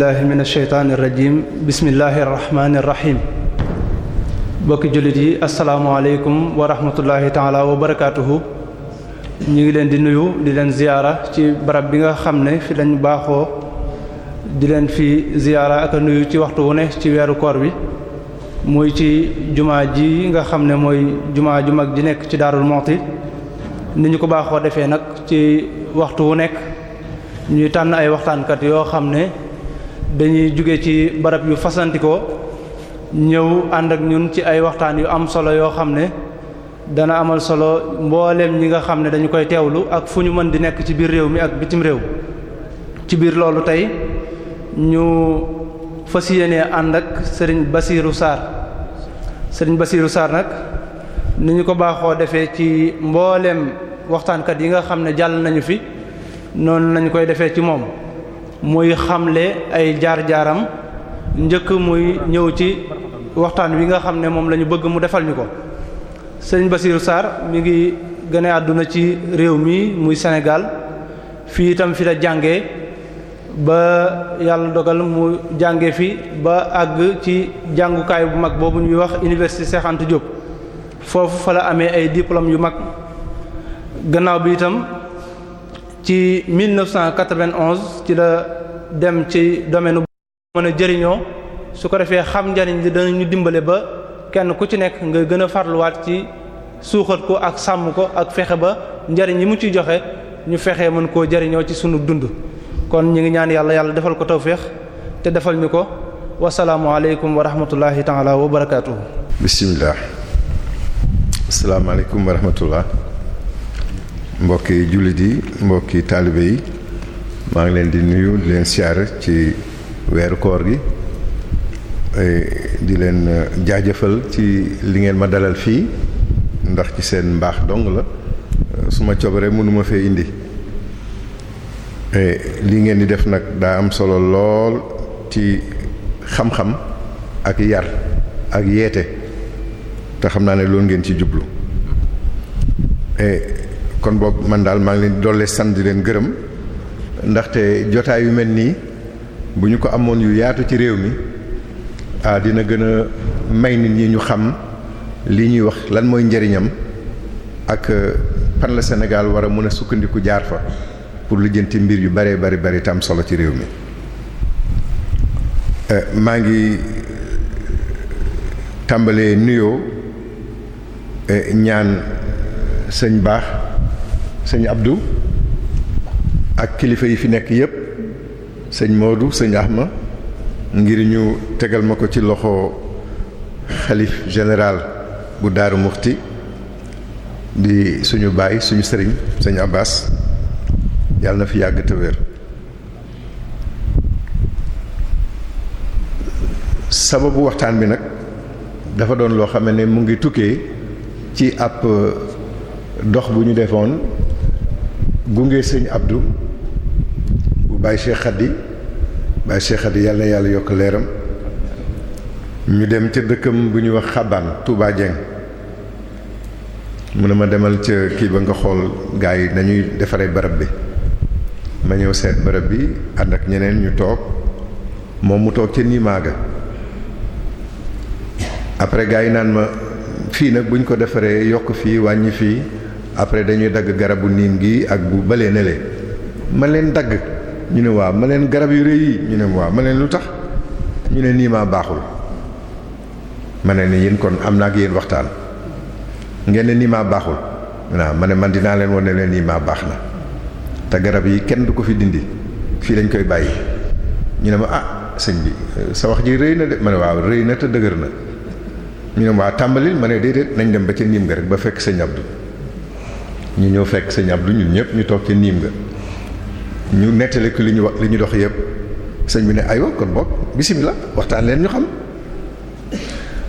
billahi min asheytaani irrajim bismillahi irrahmani irrahim bokki jullit yi asalaamualeykum wa rahmatullahi taala wa barakatuhu ñu ngi leen di nuyu di leen ziyaara ci barab bi nga xam ne fi lañ baaxoo di leen fi ziyaara ak a nuyu ci waxtu wu ne ci weeru koor bi muy ci jumaa ji nga xam ne mooy jumaa ju mag ji nekk ci Darou Moukhty ni ñu ko baaxoo defee nag ci waxtu wu nekk ñuy tànn ay waxtaankat yoo xam ne dañuy jóge ci barab yu fasantikoo ñëw ànd ak ñun ci ay waxtaan yu am solo yoo xam ne dana amal solo mbooleem ñi nga xam ne dañu koy teewlu ak fu ñu mën di nekk ci biir réew mi ak bitim réew ci biir loolu tey ñu fas yéene ànd ak sëriñ Basirou Sarr sëriñ Basirou Sarr nag ni ñu ko baaxoo defee ci mbooleem waxtaankat yi nga xam ne jàll nañu fi noonu lañu koy defee ci moom muy xamle ay jaar-jaaram njëkk muy ñëw ci waxtaan wi nga xam ne moom lañu bëgg mu defal ñu ko sëñ Basirou Sarr mi ngi gëne àdduna ci réew mi muy senegal fii itam fi la jànge ba yàlla dogal mu jànge fi ba àgg ci jàngukaay bu mag boobu ñuy wax université Cheikh Anta foofu fa la amee ay diplôme yu mag gannaaw bi itam ci 1991 ci la dem ci domaine bu mën a jëriñoo su ko defee xam njariñ li danañu dimbale ba kenn ku ci nekk nga gën a farluwaat ci suuxat ko ak sàmm ko ak fexe ba njariñ yi mu ci joxe ñu fexe mën koo jëriñoo ci sunu dund kon ñu ngi ñaan yàlla yàlla defal ko tawféex te defal ñu ko wasalaamu aleykum wa rahmatullahi taala wa barakaatuhu bismillah asalaamaaleykum wa rahmatullah mbokki jullit yi mbokki taalibe yi maa ngi leen di nuyu di leen siyaare ci weeru koor gi eh, di leen jaajëfal ci li ngeen ma dalal fii ndax ci seen mbaax dong la eh, su ma cobaree mënuma fee indi eh, li ngeen di def nag daa am solo lool ci xam-xam ak yar ak yeete te xam naa ne loolu ngeen ci jublu kon boog man daal maa ngi leen doole sant di leen gërëm ndaxte jotaay yu mel nii bu ñu ko amoon yu yaatu ci réew mi ah dina gën a may nit ñi ñu xam li ñuy wax lan mooy njariñam ak pan euh, la Sénégal war a mën a sukkandiku jaar fa pour lijjanti mbir yu bëree bari bari tam solo ci réew mi euh, maa ngi euh, tàmbalee nuyoo ñaan sëñ baax sëñ abdu ak kilifa yi fi nekk yépp sëñ Modou sëñ Ahma ngir ñu tegal ma ko ci loxo xalif général bu Daaru Muxti di suñu baay suñu sëriñ sëñ Abbas yàlla na fi yàgg te wér sababu waxtaan bi nag dafa doon loo xam ne mu ngi tukkee ci ab euh, dox bu ñu defoon gunge sëñ abdu bu Baye Cheikh Khady Baye yàlla na yàlla yokk leeram ñu dem ca dëkkam bu ñuy wax xaban Touba Dieng mu ne ma demal ca kii ba nga xool gaa yi dañuy defaree barab bi ma ñëw seet barab bi ànd ak ñeneen ñu toog moom mu toog ca Nimaga après gaa yi naan ma fii nag buñ ko defaree yokk fii wàññi fii après dañuy dagg garabu niim gi ak bu bëlee ne ma leen dagg ñu ne waaw ma leen garab yu rëy yi ñu ne waaw ma leen lu tax ñu ne niimaa baaxul ma ne ni yéen kon am naa ak yéen waxtaan ngeen ne niimaa baaxul waaw ma ne man dinaa leen wane ne niimaa baax na te garab yi kenn du ko fi dindi fii lañ koy bàyyi ñu ne ma ah sëñ bi sa wax ji rëy na de ma ne waaw rëy na te dëgër na ñu ne waaw tàmbalil ma ne déedéet nañ dem ba ca niim nga rek ba fekk sëñ Abdou ñu ñëw fekk sëñ Abdou ñun ñëpp ñu toog ci niim nga ñu nettali ko li ñu wax li ñu dox yëpp sëñ bi ne aywa kon boog bisimilah waxtaan leen ñu xam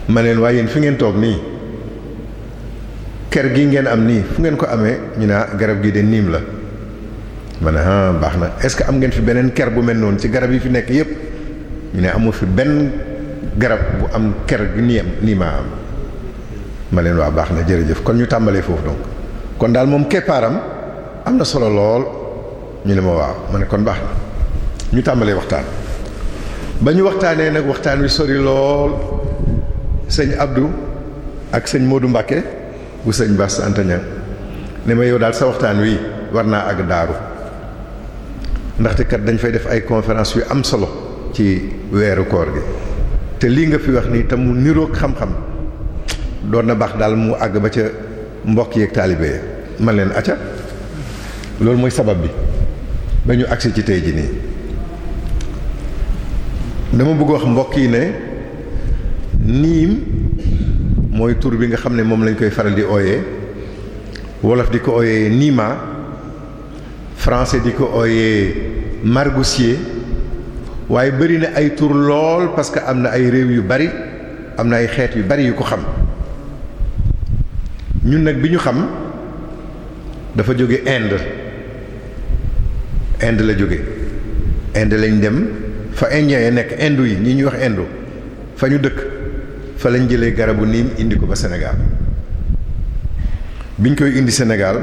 ma leen waaye yéen fi ngeen toog nii ker gi ngeen am nii ngeen ko amee ñu ne ah, garab gi de niim la ma ne ah, baax na est-ce que am ngeen fi beneen ker bu mel noonu ci garab yi fi nekk yépp ñu ne amu fi benn garab bu am ker gi nii am nii am ma leen waa baax na jërëjëf kon ñu tàmbalee foofu donc. kon daal moom keppaaram am na solo lool ñu ne ma waaw ma ne kon baax na ñu tàmbalee waxtaan ba ñu waxtaanee nag waxtaan wi sori lool sëñ Abdou ak sëñ moodu Mbacké bu sëñ Bass Anta Niang ne ma yow daal sa waxtaan wi war naa àgg daaru ndaxte kat dañ fay def ay conférence yu am solo ci weeru koor gi te lii nga fi wax nii te mu niroog xam-xam doon na baax daal mu àgg ba ca. mbokk yeeg taalibe man leen acca loolu mooy sabab bi ba ñu agsi ci tey ji nii dama bëgg wax mbokk yi ne niim mooy tur bi nga xam ne moom lañ koy faral di ooyee wolof di ko ooyee niima français di ko ooyee margousier waaye bëri na ay tur lool parce que am na ay réew yu bari am na ay xeet yu bari yu ko xam ñun nag bi ñu xam dafa jóge Inde Inde la jóge Inde lañ dem fa indien ya nekk Indu yi ñi ñuy wax Indu fa ñu dëkk fa lañ jëlee garabu niim indi ko ba Sénégal biñ koy indi Sénégal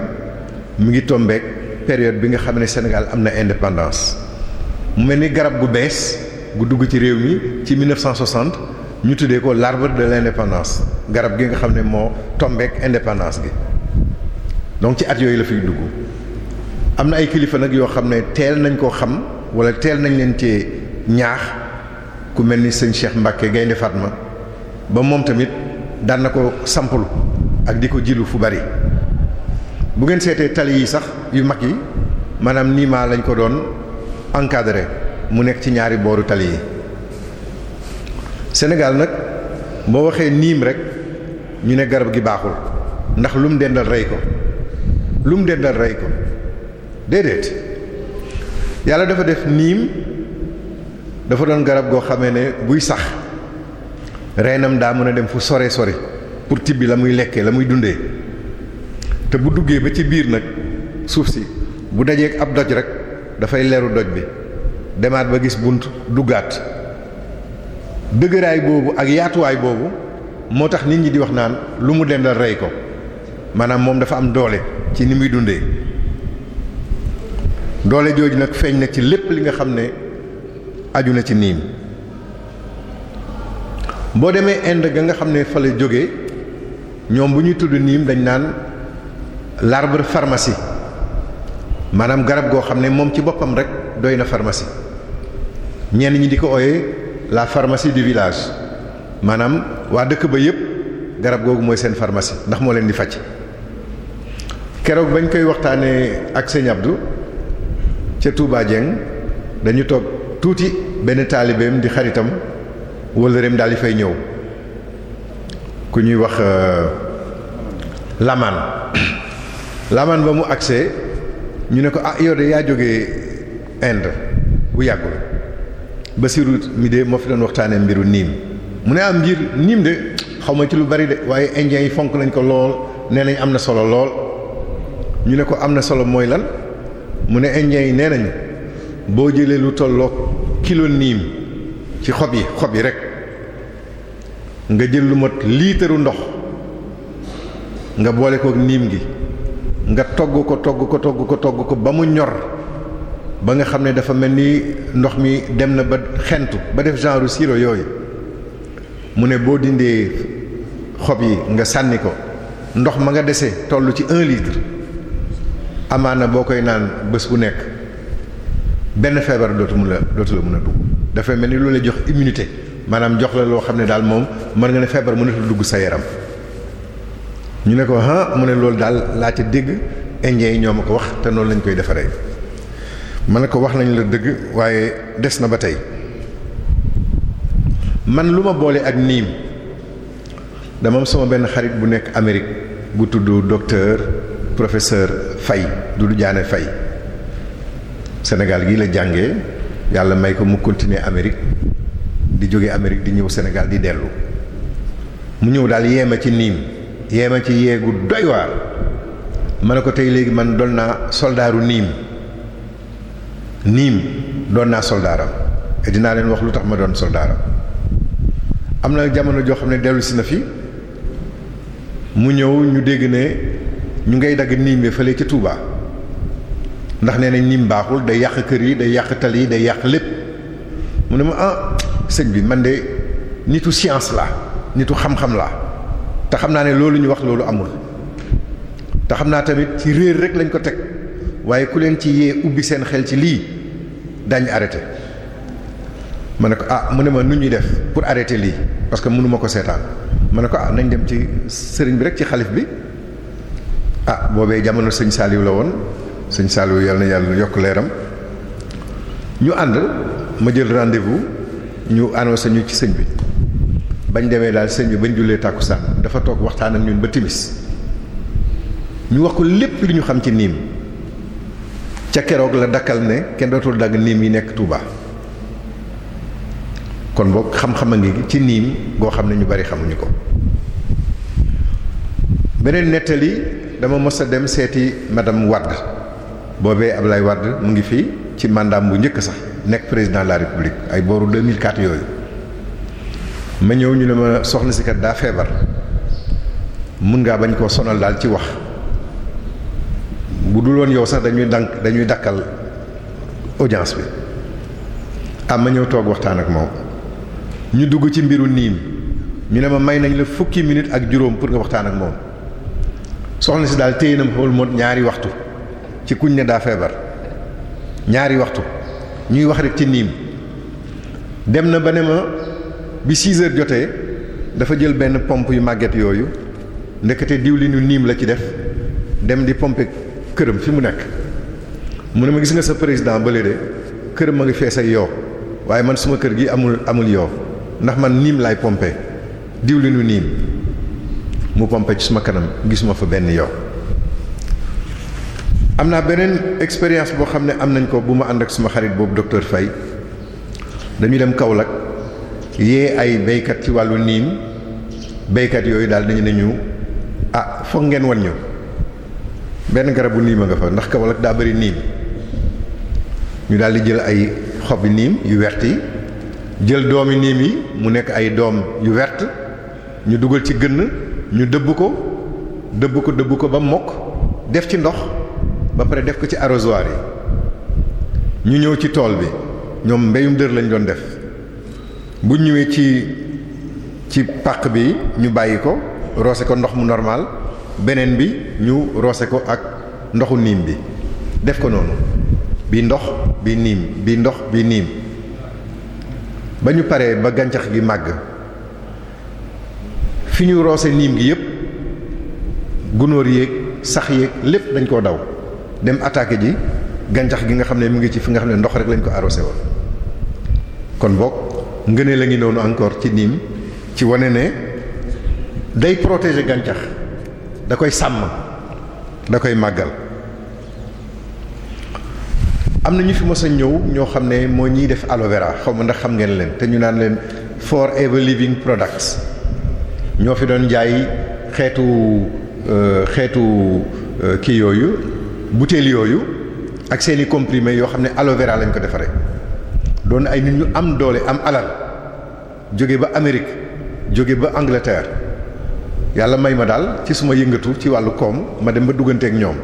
mu ngi tombeek période bi nga xam ne Sénégal am na indépendance mu mel ni garab gu bees gu dugg ci réew mi ci 1960 ñu tuddee ko l'arbre de l'indépendance garab gi nga xam ne moo tombeek indépendance gi donc ci at yooyu la fiy dugg am na ay kilifa nag yoo xam ne teel nañ koo xam wala teel nañ leen cee ñaax ku mel ni sëñ Cheikh Mbacke Gaynde Fatma ba moom tamit daan na ko sampul ak di ko jilu fu bari bu ngeen seetee tali yi sax yu mag yi maanaam niimaa lañ ko doon encadré mu nekk ci ñaari booru tali yi Sénégal nag boo waxee niim rek ñu ne garab gi baaxul ndax lu mu dendal rey ko lu mu dendal rey ko déedéet yàlla dafa def niim dafa doon garab goo xamee ne buy sax reenam daa mën a dem fu sore sore pour tibbi la muy lekkee la muy dundee te bu duggee ba ci biir nag suuf si bu dajeek ab doj rek dafay leeru doj bi demaat ba gis bunt duggaat dëgëraay boobu ak yaatuwaay boobu moo tax nit ñi di wax naan lu mu dendal rey ko maanaam moom dafa am doole ci ni muy dundee doole jooju nag feeñ na ci lépp li nga xam ne aju na ci niim boo demee Inde ga nga xam ne fa la jógee ñoom bu ñuy tudd niim dañ naan l'arbre farmasi maanaam garab goo xam ne moom ci boppam rek doy na farmasi ñenn ñi di ko ooyee la pharmacie du village maanaam waa dëkk ba yépp garab googu mooy seen pharmacie ndax moo leen di faj keroog bañ koy waxtaanee ak sëñ Abdou ca Touba Dieng dañu toog tuuti benn taalibeem di xaritam wëllëreem daal di fay ñëw ku ñuy wax lamaan euh, lamaan ba mu agsee ñu ne ko ah yow de yaa jógee Inde bu yàggul Basiru mi de moo fi doon waxtaanee mbiru niim mu ne am ah, mbir niim de xaw ci lu bari de waaye indien yi fonk nañ ko lool nee nañ am na solo lool ñu ne ko am na solo mooy lan mu ne indien yi nee nañu boo jëlee lu tolloo kilo niim ci xob yi xob yi rek nga jël lu mat liitaru ndox nga boole ko niim gi nga togg ko togg ko togg ko togg ko ba mu ñor ba nga xam ne dafa mel ni ndox mi dem na ba xentu ba def genre siro yooyu mu ne boo dindee xob yi nga sànni ko ndox ma nga dese tollu ci un litre amaana boo koy naan bés bu nekk benn feebar dootu mu la dootu a dugg dafa mel ni lu jox immunité maanaam jox la loo xam ne daal moom mën nga ne feebar mënatul dugg sa yaram ñu ne ko ah mu ne loolu daal laa ca dégg indien yi ñoom ma ko wax te noonu lañ koy defaree. ma ne ko wax nañ la dëgg waaye des na ba tey man lu ma boole ak niim dama am benn xarit bu nekk amerig bu tudd docteur professeur Faye Doudou Diané Faye Sénégal gii la jàngee yàlla may ko mu continuer Amérique di jóge Amérique di ñëw Sénégal di dellu mu ñëw daal yéema ci niim yéema ci yeegu doy waar ma ne ko tey léegi man doon naa soldaaru niim niim doon naa soldaaram et dinaa leen wax lu tax ma doon soldaaram am na jamono joo xam ne dellusi na fi mu ñëw ñu dégg ne ñu ngay dagg niim bi fële ca Touba ndax nee nañ niim baaxul day yàq kër yi day yàq tal yi day yàq lépp mu ne ma ah sëñ bi man de nitu science la nitu xam-xam la te xam naa ne loolu ñu wax loolu amul te xam naa tamit ci réer rek lañ ko teg waaye ku leen ci yee ubbi seen xel ci lii dañ arrêté ma ne ko ah mu ne ma nu ñuy def pour arrêter lii parce que mënuma ko seetaan ma ne ko ah nañ dem ci sëriñ bi rek ci xalif bi ah boobee jamono sëñ Saliou la woon sëñ Saliou yàlla na yàlla yokk leeram ñu ànd ma jël rendez-vous ñu annoncé ñu ci sëñ bi bañ demee daal sëñ bi bañ jullee tàkkusaan dafa toog waxtaan ak ñun ba timis ñu wax ko lépp li ñu xam ci niim ca keroog la dakkal ne kenn dootul dagg niim yi nekk Touba kon boog xam-xam a ngi ci niim goo xam ne ñu bari xamuñu ko beneen nettali dama mës a dem seeti madame Wade boobee Ablaye Wade mu ngi fi ci mandaam bu njëkk sax nekk président de la république ay booru 2004 yooyu ma ñëw ñu ne ma soxna si daa feebar mun ngaa bañ ko sonal daal ci wax bu dul woon yow sax dañuy dank dañuy dakkal audience bi am ma ñëw toog waxtaan ak moom ñu dugg ci mbiru niim ñu ne ma may nañ la fukki minute ak juróom pour nga waxtaan ak moom soxna si daal téye na ma xool moom ñaari waxtu ci kuñ ne daa feebar ñaari waxtu ñuy wax rek ci niim dem na ba ne ma bi 6 jotee dafa jël benn pompe yu màgget yooyu ndekete diwlinu niim la ci def dem di pompe këram fi mu nekk mu ne ma gis nga sa président ba de këram ma ngi fees ak yoo waaye man suma kër gi amul amul yoo ndax man niim laay pompe diwlinu niim mu pompe ci suma kanam gisuma fa benn yoo am naa beneen expérience boo xam ne am nañ ko bu ma ànd ak suma xarit boobu docteur Faye dañuy dem kaw Kaolack yee ay béykat ci wàllu niim béykat yooyu daal dañu ne ñu ah foog ngeen wan ñu benn garabu niim a nga fa ndax Kaolack daa bëri niim ñu daal di jël ay xobi niim yu wert yi jël doomi niim yi mu nekk ay doom yu wert ñu dugal ci gën ñu dëbb ko dëbb ko dëbb ko ba mokk def ci ndox ba pare def ko ci arrosoir yi ñu ñëw ci tool bi ñoom mbéyum dër lañ doon def bu ñëwee ci ci pàq bi ñu bàyyi ko roose ko ndox mu normal beneen bi ñu roose ko ak ndoxu niim bi def ko noonu bi ndox bi niim bi ndox bi niim ba ñu paree ba gàncax gi màgg fi ñu roose niim gi yépp gunóor yéeg sax yéeg lépp dañ koo daw dem attaquer ji gàncax gi nga xam ne mu ngi ci fi nga xam ne ndox rek lañ ko arrosé woon kon boog ngënee la ngi noonu encore ci niim ci wane ne day protéger gàncax da koy sàmm da koy màggal am na ñu fi mos ñëw ñoo xam ne moo ñiy def aloe xaw ma ndax xam ngeen leen te ñu naan leen forever living products ñoo fi doon njaay xeetu euh, xeetu euh, kii yooyu bouteilles yooyu ak seeni i yoo xam ne aloe lañ ko defaree doon ay nit ñu am doole am alal jóge ba Amérique jóge ba Angleterre. yàlla may ma daal ci suma yëngatu ci wàllu koom ma dem ba dugganteek ñoom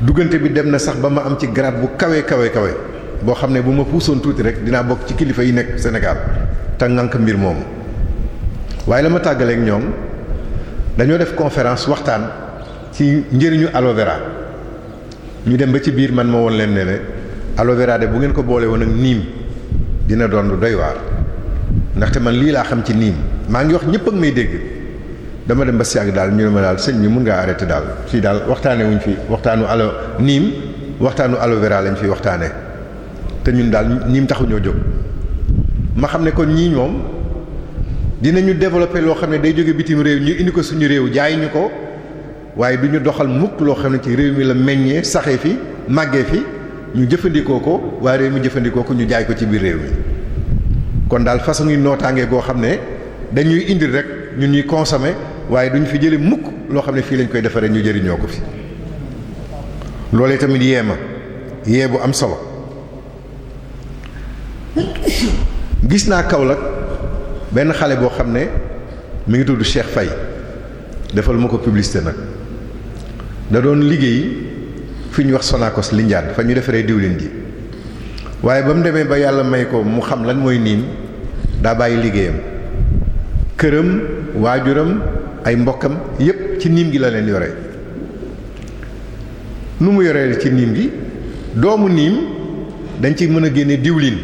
duggante bi dem na sax ba ma am ci grade bu kawe kawe kawe boo xam ne bu ma puusoon tuuti rek dinaa bokk ci kilifa yi nekk Sénégal te ngànk mbir moomu waaye la ma tàggaleek ñoom dañoo def conférence waxtaan ci njëriñu aloe ñu dem ba ci biir man ma woon leen ne ne de bu ngeen ko boole woon ak niim dina doon lu doy waar ndaxte man lii laa xam ci niim maa ngi wax ñëpp ak may dégg dama dem ba si ak daal ñu ne ma daal sëñ bi mun ngaa arrêté daal fii daal waxtaanee fi waxtaanu alo niim waxtaanu alo vera lañ fi waxtaanee te ñun daal niim taxuñoo jóg ma xam ne ko ñii ñoom dinañu développer loo xam ne day jóge bitim réew ñu indi ko suñu réew jaay ñu ko waaye du ñu doxal mukk loo xam ne ci réew mi la meññee saxee fi màggee fi ñu jëfandikoo ko waaye réew mi jëfandikoo ko ñu jaay ko ci biir réew mi kon daal façon yi nootaange goo xam ne dañuy indi rek. ñu ñuy consommer waaye duñ fi jëlee mukk loo xam ne fii lañ koy defaree ñu jëriñoo ko fi loolee tamit yee ma yee bu am solo gis naa Kaolack benn xale boo xam ne mu ngi tudd Cheikh Faye defal ma ko publicité nag da doon liggéey fi ñu wax Sonacos Lindiane fa ñu defaree diwlin ji waaye ba mu demee ba yàlla may ko mu xam lan mooy niin daa bàyyi liggéeyam. këram waajuram ay mbokkam yépp ci niim gi la leen yore nu mu yoree ci niim gi doomu niim dañ ci mën a génne diwlin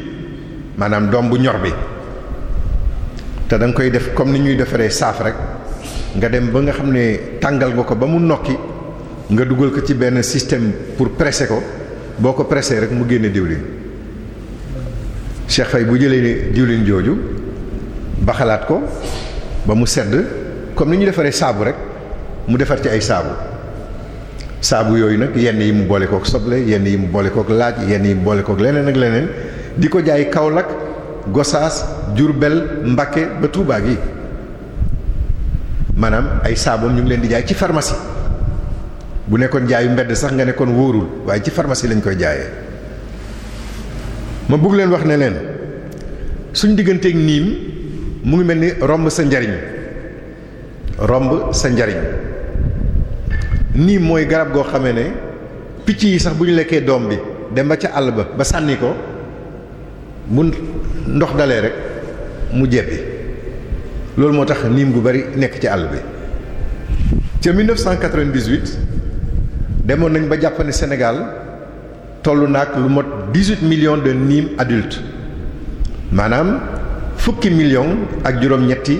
maanaam doom bu ñor bi te da koy def comme ni ñuy defaree saaf rek nga dem ba nga xam ne tàngal nga ko ba mu nokki nga dugal ko ci benn système pour presser ko boo ko presser rek mu génne diwlin Cheikh Faye bu jëlee diwlin jooju ba xalaat ko ba mu sedd comme ni ñu defaree saabu rek mu defar ci ay saabu saabu yooyu nag yenn yi mu boole kook soble yenn yi mu boole kook laaj yenn yi mu boole kook leneen ak leneen di ko jaay Kaolack Gosaas Diourbel Mbacké ba Touba gi maanaam ay saabam ñu ngi leen di jaay ci farmasi bu nekkoon jaayu mbedd sax nga nekkoon wóorul waaye ci pharmacie lañ koy jaayee ma bëgg leen wax ne leen suñ digganteeg niim mu ngi mel ni romb sa njariñ romb sa njariñ nii mooy garab goo xamee ne picc yi sax bu ñu lekkee doom bi dem ba ca àll ba ba sànni ko bu ndox dalee rek mu jebbi loolu moo tax niim gu bari nekk ci àll bi ca 1998 demoon nañ ba jàpp ne Sénégal toll naag lu mot 18 millions de niim adulte maanaam fukki million ak juróom-ñetti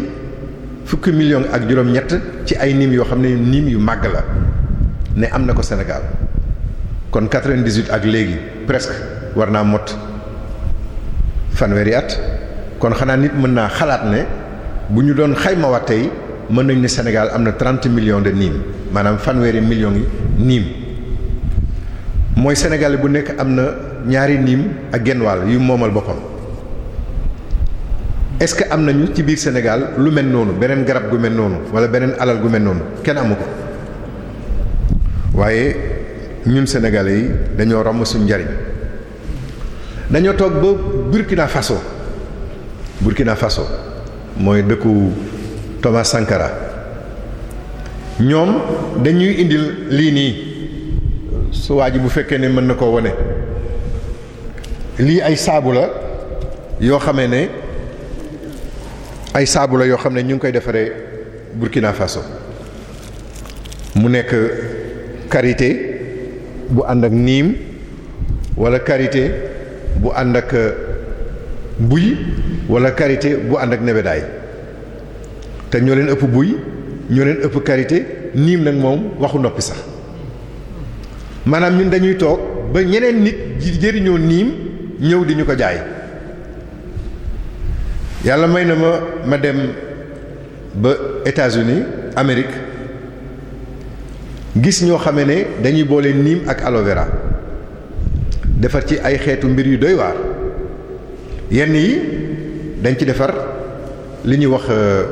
fukki million ak juróom-ñett ci ay nim yoo xam ne nim yu màgg la ne am na ko Sénégal kon 98 ak léegi presque war naa mot fanweeri at kon xanaa nit mën naa xalaat ne bu ñu doon xaymawaat tey mën nañ ne Sénégal am na 30 million de niim maanaam fanweeri million yi niim mooy Sénégal bu nekk am na ñaari niim ak genn wàll yu moomal boppam. est-ce que am nañu ci biir Sénégal lu mel noonu beneen garab gu mel noonu wala beneen alal gu mel noonu kenn amu ko waaye ñun sénégalais yi dañoo romb suñu njariñ dañoo toog ba Burkina Faso Burkina Faso mooy dëkku Thomas Sankara ñoom dañuy indil lii nii su waa bu fekkee ne mën na koo wone lii ay saabu la yoo xamee ne. ay saabu la yoo xam ne ñu ngi koy defaree Burkina Faso mu nekk karité bu ànd ak niim walla karité bu ànd ak euh, buy wala karité bu ànd ak nebedaay te ñoo leen ëpp buy ñoo leen ëpp karité niim nag moom waxu noppi sax maanaam ñun dañuy toog ba ñeneen nit jëriñoo niim ñëw di ñu ko jaay yàlla may na ma ma dem ba États-Unis Amérique gis ñoo xamee ne dañuy boole niim ak aloe defar ci ay xeetu mbir yu doy waar yenn yi dañ ci defar li ñuy wax euh,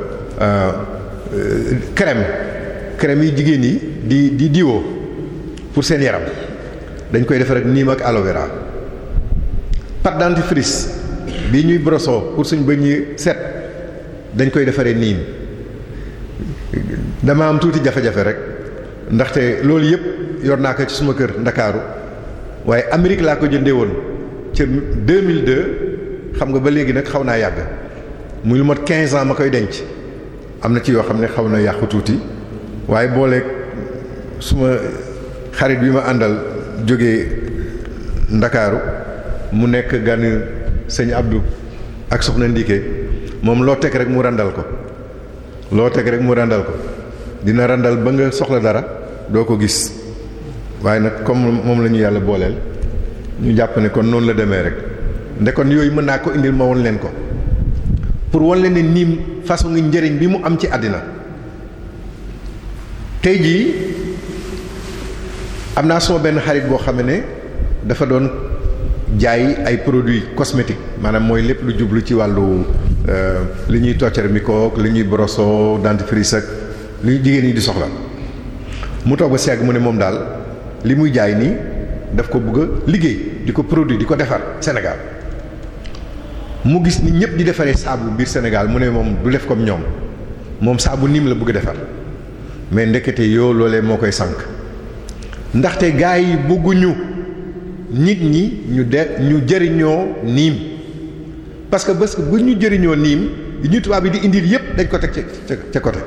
euh, crème crème yi jigéen yi di di diwoo pour seen yaram dañ koy defar ak niim ak aloe vera bi ñuy broso pour suñ bëñ yi set dañ koy defaree niin dama am tuuti jafe-jafe rek ndaxte loolu yëpp yor naa ko ci suma kër ndakaaru waaye Amérique laa ko jëndee woon ca 2002 xam nga ba léegi nag xaw naa yàgg muy lu mat 15 ans ma koy denc am na ci yoo xam ne xaw na yàqu tuuti waaye booleeg suma xarit bi ma àndal jóge ndakaaru mu nekk gan sëñ Abdou ak soxna Ndike moom loo teg rek mu randal ko loo teg rek mu randal ko dina randal ba nga soxla dara doo ko gis waaye nag comme moom lañu yàlla booleel ñu jàpp ne kon noonu la demee rek nde kon yooyu mën naa ko indi ma won leen ko pour won leen ne nii façon ngi njëriñ bi mu am ci àddina tey jii am naa sama benn xarit boo xam ne dafa doon jaay ay produits cosmétiques maanaam mooy lépp lu jublu ci wàllu euh, li ñuy toccer mi li ñuy broso dentifrice ak li jigéen ñi di soxla mu toog ba segg mu ne moom daal li muy jaay nii daf ko bëgg liggéey di ko produit di ko defar Sénégal mu gis ni ñëpp di defaree saabu biir Sénégal mu ne moom du def comme ñoom moom saabu niim la bëgg defar mais ndekete yoo loolee moo koy sànq ndaxte gaa yi bëgguñu. nit ñi ñu de ñu jëriñoo niim parce que bés bu ñu jëriñoo niim li ñu tubaab yi di indil yépp dañ ko teg ca ca côté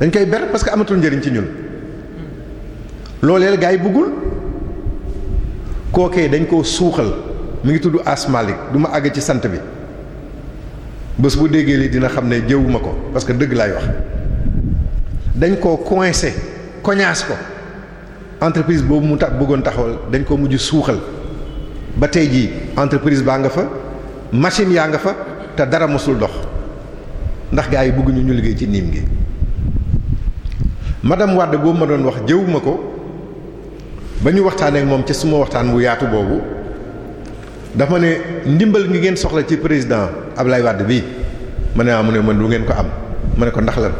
dañ koy ber parce que amatul njëriñ ci ñun looleel gaa yi bëggul kookee dañ koo suuxal mu ngi tudd asmalik du ma àgg ci sant bi bés bu déggee li dina xam ne jëwuma ko parce que dëgg laay wax dañ koo coincé koñaas ko entreprise boobu mu tax bëggoon taxawal dañ ko mujj suuxal ba tey jii entreprise baa nga fa machine yaa nga fa te dara mosul dox ndax gaa yi bëgguñu ñu liggéey ci niim gi madame Wade boobu ma doon wax jëwuma ko ba ñu waxtaaneek moom ci suma waxtaan wu yaatu boobu dafa ne ndimbal ngi ngeen soxla ci président Ablaye Wade bi mën ne ah mu ne mën du ngeen ko am ma ne ko ndax lan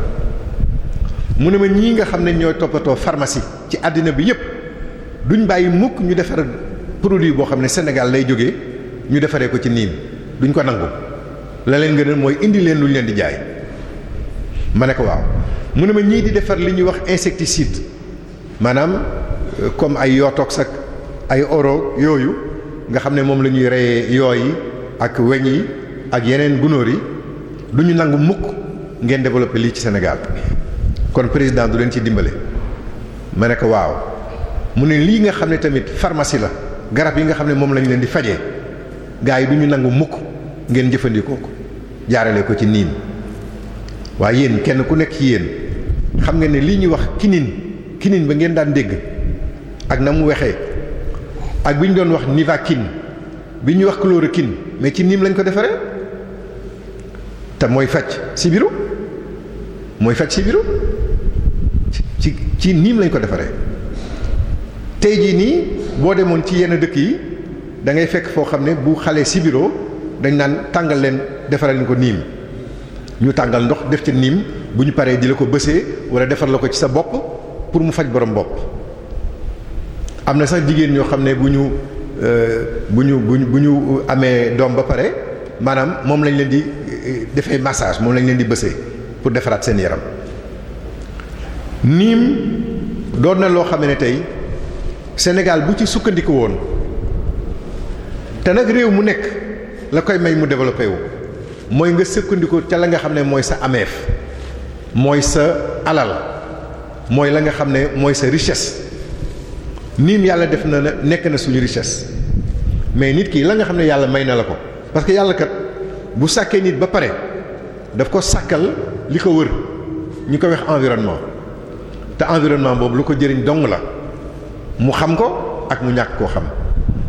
mu ne ma ñii nga xam ne ñooy toppatoo pharmacie ci àddina bi yépp duñ bàyyi mukk ñu defar produit boo xam ne Sénégal lay jóge ñu defaree ko ci niin duñ ko nangu la leen gënal mooy indi leen luñ leen di jaay ma ne ko waaw mu ne ma ñii di defar li ñuy wax insecticide maanaam euh, comme ay yootoog ak ay oro yooyu nga xam ne moom la ñuy reyee yi ak weñ yi ak yeneen gunóor yi duñu nangu mukk ngeen développer lii ci Sénégal kon président du leen ci dimbale ma ne ko waaw mu ne lii nga xam ne tamit farmasi la garab yi nga xam ne moom lañ leen di fajee gars yi du ñu nangu mukk ngeen jëfandikoo ko jaarale ko ci niin waaye yéen kenn ku nekk yéen xam nga ne lii ñuy wax kiniin kinin ba ngeen daan dégg ak na mu waxee ak bi ñu doon wax nivaquine bi ñuy wax kin mais ci niim lañ ko defaree te mooy faj sibiru mooy faj sibiru ci ci niim lañ ko defaree tey jii nii boo demoon ci yenn dëkk yi da ngay fekk foo xam ne bu xale sibiro dañ naan tàngal leen defaral leen ko niim ñu tàngal ndox def ci niim bu ñu paree di la ko bësee wala defar la ko ci sa bopp pour mu faj borom bopp am na sax jigéen ñoo xam ne bu ñu euh, bu ñu bu ñu bu ñu amee doom ba pare maanaam moom lañ leen di euh, defee massage moom lañ leen di bësee pour defaraat seen yaram niim doon na loo xam ne tey Sénégal bu ci sukkandiku woon te nag réew mu nekk la koy may mu développé wu mooy nga sukkandiku ca la nga xam ne mooy sa ameef mooy sa alal mooy la nga xam ne mooy sa richesse niim yàlla def na ne nekk na suñu riches mais nit ki la nga xam ne yàlla may na la ko parce que yàlla kat bu sàkkee nit ba pare daf ko sàkkal li ko wër ñu ko wax environnement te environnement boobu lu ko jëriñ dong la mu xam ko ak mu ñàkk koo xam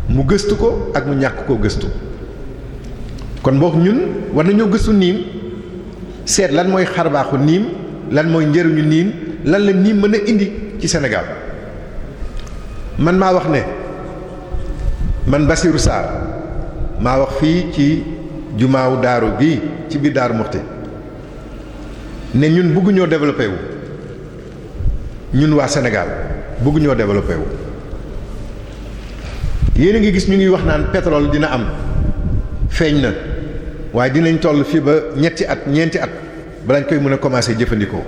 mu gëstu ko ak mu ñàkk koo gëstu kon boog ñun war nañoo gëstu niim seet lan mooy xarbaaxu niim lan mooy njëriñu niim lan la niim mën a indi ci Sénégal man maa wax ne man Bassirou Sarr maa wax fii ci jumaaw daaru bii ci biir Daaru Muxti ne ñun bëgguñoo développé wu ñun waa senegaal bëgguñoo ñoo développé wu. yéen a ngi gis ñu ngi wax naan pétrole dina am feeñ na waaye dinañ toll fii ba ñetti at ñeenti at balaañ koy mën a commencer jëfandikoo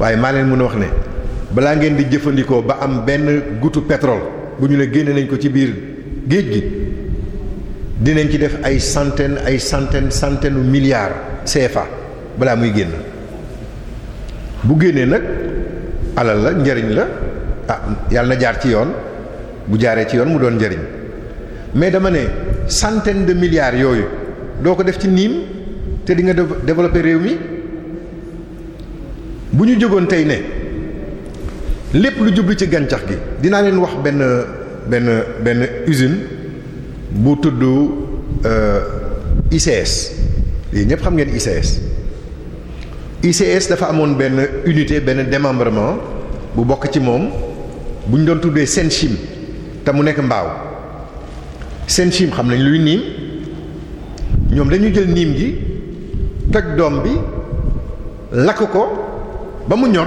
waaye maa leen mën a wax ne balaa ngeen di jëfandikoo ba am benn gutu pétrole bu ñu ne génne nañ ko ci biir géej gi dinañ ci def ay centaine ay centaine centaine milliards CFA balaa muy génn bu génnee nag. alal la njëriñ la ah yàlla na jaar ci yoon bu jaaree ci yoon mu doon njëriñ mais dama ne centaine de milliards yooyu doo ko def ci niim te di nga développer réew mi bu ñu jógoon tey ne lépp lu jublu ci gàncax gi dinaa leen wax benn benn benn usine bu tudd euh, ICS lii ñépp xam ngeen ICS ICS dafa amoon benn unité benn démembrement bu bokk ci moom bu ñu doon tuddee Senchim te mu nekk mbaaw Senchim xam nañ luy niim ñoom dañu jël niim gi toj doom bi lakk ko ba mu ñor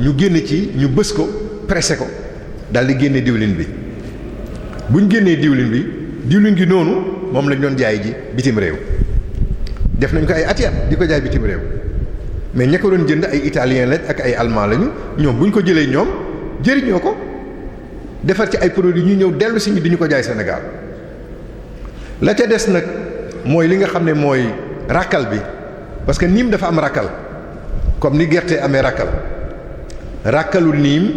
ñu génn ci ñu bës ko pressé ko daldi génne diwlin bi bu ñu génnee diwlin bi diwlin gi noonu moom lañ doon jaay ji bitim réew def nañ ko ay ati di ko jaay bitim réew mais ña ko doon jënd ay italien lañ ak ay allemand lañu ñoom bu ñu ko jëlee ñoom jëriñoo ko defar ci ay produits ñu ñëw dellu si ñu di ñu ko jaay Sénégal la ca des nag mooy li nga xam ne mooy ràkkal bi parce que niim dafa am ràkkal comme ni gerte amee ràkkal ràkkalu niim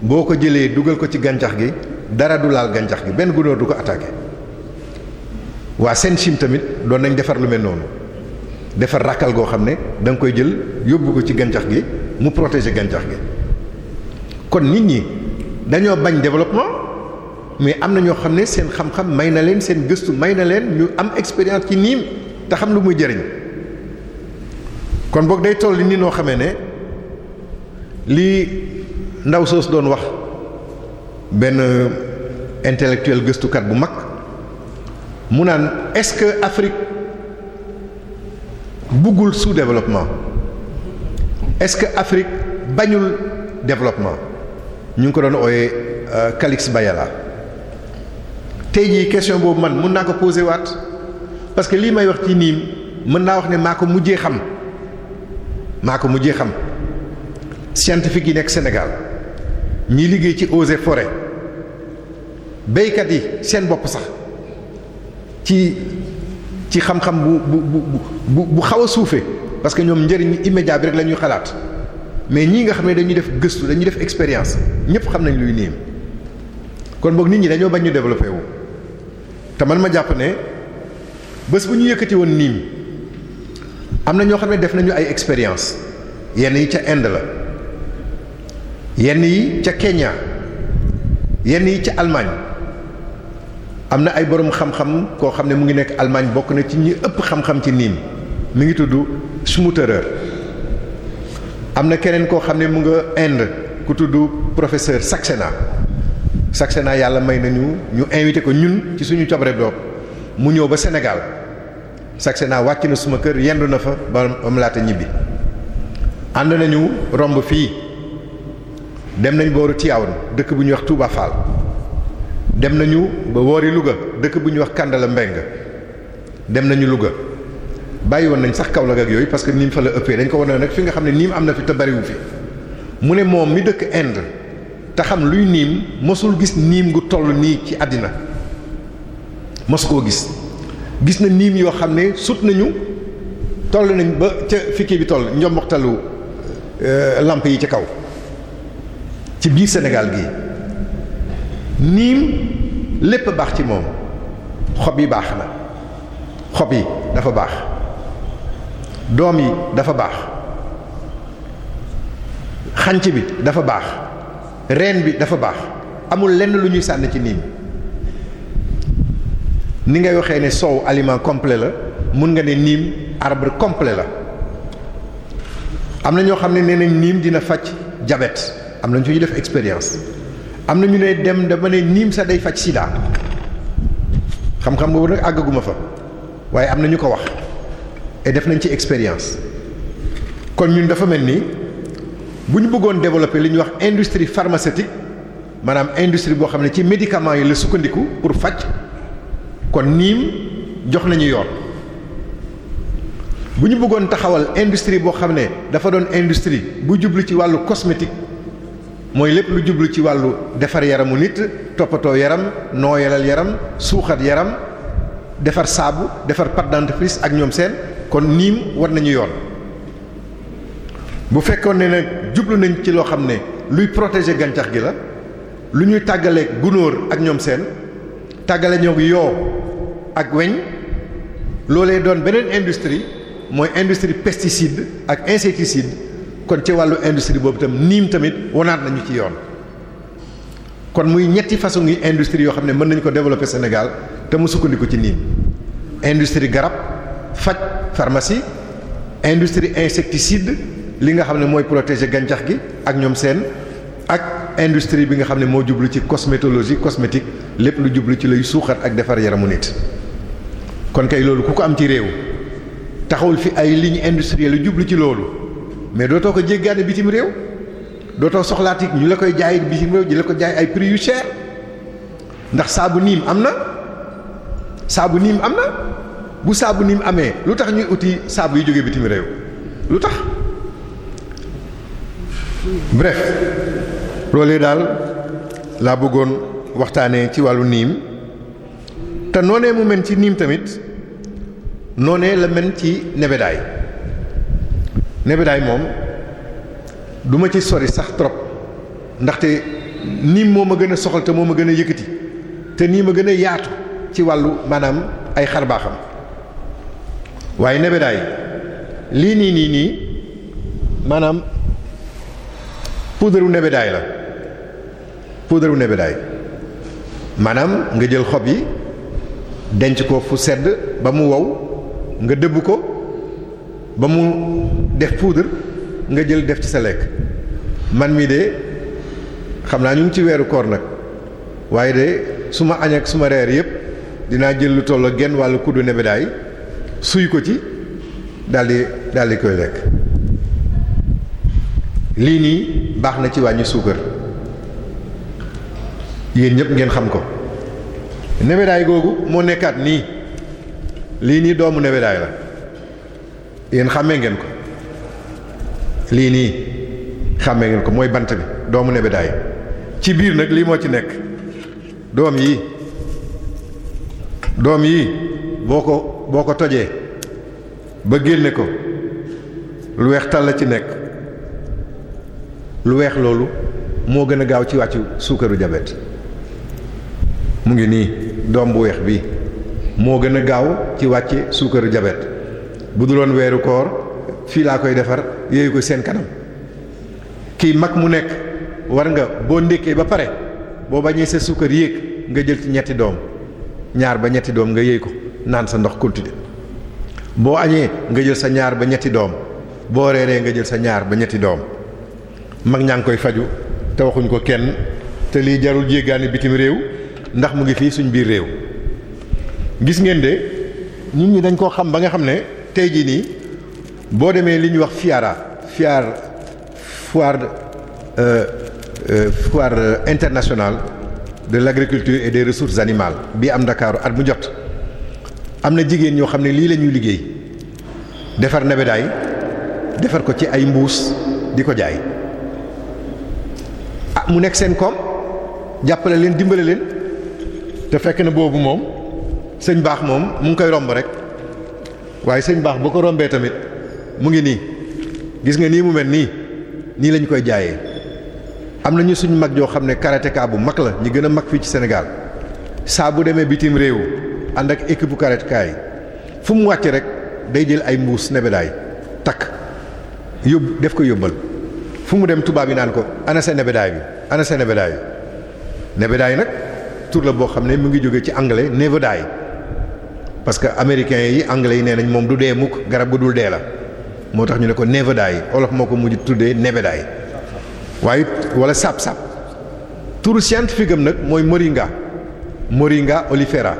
boo ko jëlee dugal ko ci gàncax gi dara du laal gàncax gi benn gunóor du ko attaqué waa Senchim tamit doon nañ defar lu mel noonu. defar ràkkal goo xam ne da koy jël yóbbu ko ci gàncax gi mu protéger gàncax gi kon nit ñi dañoo bañ développement mais am na ñoo xam ne seen xam-xam may na leen seen gëstu may na leen ñu am expérience ci niim te xam lu muy jëriñ kon boog day toll ni noo xamee ne li ndaw soos doon wax benn intellectuel gëstukat bu mag mu naan est-ce que Afrique. buggul sous-développement est-ce que Afrique bañul développement ñu ngi ko doon ooyee euh, Calix Bayala tey jii question boobu man mën naa ko poser waat parce que lii may wax ci nii mën naa wax ne maa ko mujjee xam maa ko mujjee xam scientifique yi nekk senegal ñi liggéey ci eaux et forêts yi seen bopp sax ci ci xam-xam bu bu bu bu xaw a suufee parce que ñoom njëriñ immédiat bi rek la ñuy xalaat mais ñii nga xam ne dañuy def gëstu dañuy def expérience ñëpp xam nañ luy niim kon boog nit ñi dañoo bañ ñu développé wu. te man ma jàpp ne bés bu ñu yëkkati woon niim am na ñoo xam ne def nañu ay expérience yenn yi ca Inde la yenn yi ca Kenya yenn yi ca Allemagne. am na ay borom xam-xam koo xam ne mu ngi nekk Allemagne bokk na ci ñi ëpp xam-xam ci niim mi ngi tudd Schmutterer am na keneen koo xam ne mu nga Inde ku tudd professeur Saxena Saxena yàlla may nañu ñu invité ko ñun ci suñu cobre bopp mu ñëw ba Sénégal Saxena wàcc na suma kër yendu na fa ba am laata ñibbi ànd nañu romb fii dem nañ booru Tivaouane dëkk bu ñuy wax Touba dem nañu ba woori Louga dëkk bu ñuy wax Kandala Mbeng dem nañu Louga bàyyi woon nañ sax Kaolack ak yooyu parce que niim fa la ëppee dañ ko war a nag fi nga xam ne niim am na fi te bariwu fi mu ne moom mi dëkk Inde te xam luy niim mosul gis niim gu tollu nii ci àddina mosu koo gis gis na niim yoo xam ne sut nañu toll nañ ba ca fikki bi toll njomboxtalu euh, làmp yi ci kaw ci biir Sénégal gii niim lépp baax ci moom xob yi baax na xob yi dafa baax doom yi dafa baax xànc bi dafa baax reen bi dafa baax amul lenn lu ñuy sànn ci niim ni ngay waxee ne soow aliment complet la mun nga ne niim arbre complet la am na ñoo xam ne nee nañ niim dina fàcc jabet am na ñu def expérience am na ñu ne dem dama ne niim sa day faj sida xam-xam boobu nag àggaguma fa waaye am na ñu ko wax et def nañ ci expérience kon ñun dafa mel ni bu ñu bëggoon développer li ñuy wax industrie pharmaceutique maanaam industrie boo xam ne ci médicaments yi la sukkandiku pour faj kon niim jox nañu yoon bu ñu bëggoon taxawal industrie boo xam ne dafa doon industrie bu jublu ci wàllu cosmétique. mooy lépp lu jublu ci wàllu defar yaramu nit toppatoo yaram nooyalal yaram suuxat yaram defar saabu defar pâte dentifrice ak ñoom seen kon niim war nañu yoon bu fekkoon ne nag jublu nañ ci loo xam ne luy protéger gàncax gi la lu ñuy tàggaleeg gunóor ak ñoom seen tàggale ñoo yoo ak weñ loolee doon beneen industrie mooy industrie pesticide ak insecticide kon ci wàllu industrie boobu itam niim tamit wonaat nañu ci yoon kon muy ñetti façon yi industrie yoo xam ne mën nañu ko développer Sénégal te mu sukkandiku ci nii industrie garab faj pharmacie industrie insecticide li nga xam ne mooy protéger gàncax gi ak ñoom seen ak industrie bi nga xam ne moo jublu ci cosmétologie cosmétique lépp lu jublu ci lay suuxat ak defar yaramu nit kon kay loolu ku ko am ci réew taxawul fi ay lignes industrielles lu jublu ci loolu mais dootoo ko jéggaane bitim réew dootoo soxlaati ñu la koy jaay bitim réew ñu la ko jaay ay prix yu cher ndax saabu niim am na saabu niim am na bu saabu niim amee lu tax ñuy uti saabu yu jóge bitim réew lu tax bref loolee daal laa bëggoon waxtaanee ci wàllu niim te noonee mu mel ci niim tamit noonee la mel ci nebedaay nebedaay moom du ma ci sori sax trop ndaxte nii moo ma gën a soxal te moo ma gën a yëkkati te nii ma gën a yaatu ci wàllu maanaam ay xar baaxam waaye nebedaay lii nii nii nii maanaam puudaru nebedaay la puudaru nebedaay maanaam nga jël xob yi denc ko fu sedd ba mu wow nga dëbb ko ba mu def poudre nga jël def ci sa lekk man mi de xam naa ñu ngi ci weeru koor nag waaye de su ma añ ak reer yépp dinaa jël lu toll genn wàllu kuddu nebedaay suy ko ci daldi daldi koy lekk lii nii baax na ci wàññi suukar yéen ñëpp ngeen xam ko nebedaay googu moo nekkaat nii lii nii doomu nebedaay la yéen xàmmee ngeen ko lii nii xàmmee ngeen ko mooy bant bi doomu nebedaay ci biir nag lii moo ci nekk doom yi doom yi boo ko boo ko tojee ba génne ko lu weex tàll ci nekk lu weex loolu moo gën a gaaw ci wàccu suukaru jabet mu ngi nii doom bu weex bi moo gën a gaaw ci wàcce suukaru jabet bu dul woon weeru koor fii laa koy defar yooyu ko seen kanam kii mag mu nekk war nga boo ndékkee ba pare boo bañee sa suukar yéeg nga jël ci ñetti doom ñaar ba ñetti doom nga yéey ko naan sa ndox continué boo añee nga jël sa ñaar ba ñetti doom boo reeree nga jël sa ñaar ba ñetti doom mag ñaa ngi koy faju te waxuñ ko kenn te lii jarul jéggaani bitim réew ndax mu ngi fii suñ biir réew gis ngeen de ñun ñi dañ koo xam ba nga xam ne tey jii nii boo demee li ñuy wax FIARA FIAR foire euh, euh, foire internationale de l'agriculture et des ressources animale bii am Ndakaaru at mu jot am na jigéen ñoo xam ne lii lañuy liggéey defar nebedaay defar ko ci ay mbuus di ko jaay ah mu nekk seen koom jàppale leen dimbale leen te fekk na boobu moom sëñ baax moom mu ngi koy romb rek waaye sëñ baax boo ko rombee tamit mu ngi nii gis nga nii mu mel nii nii lañ koy jaayee am nañu suñu mag joo xam ne karatéka bu mag la ñi gën a mag fii ci Sénégal saa bu demee bitim réew ànd ak équipe bu karatéka fu mu wàcc rek day jël ay mbuus nebedaay takk yóbbu def ko yóbbal fu mu dem tubaab yi naan ko ana sa nebedaay bi ana sa nebedaay bi nebedaay nag tur la boo xam ne mu ngi jóge ci anglais nebedaay parce que américains yi anglais yi nee nañ moom du dee mukk garab gu dul dee la moo tax ñu ne ko nevedaay olof moo ko mujj tuddee nevedaay waaye wala sap sap turu scientifique am nag mooy moringa moringa olifera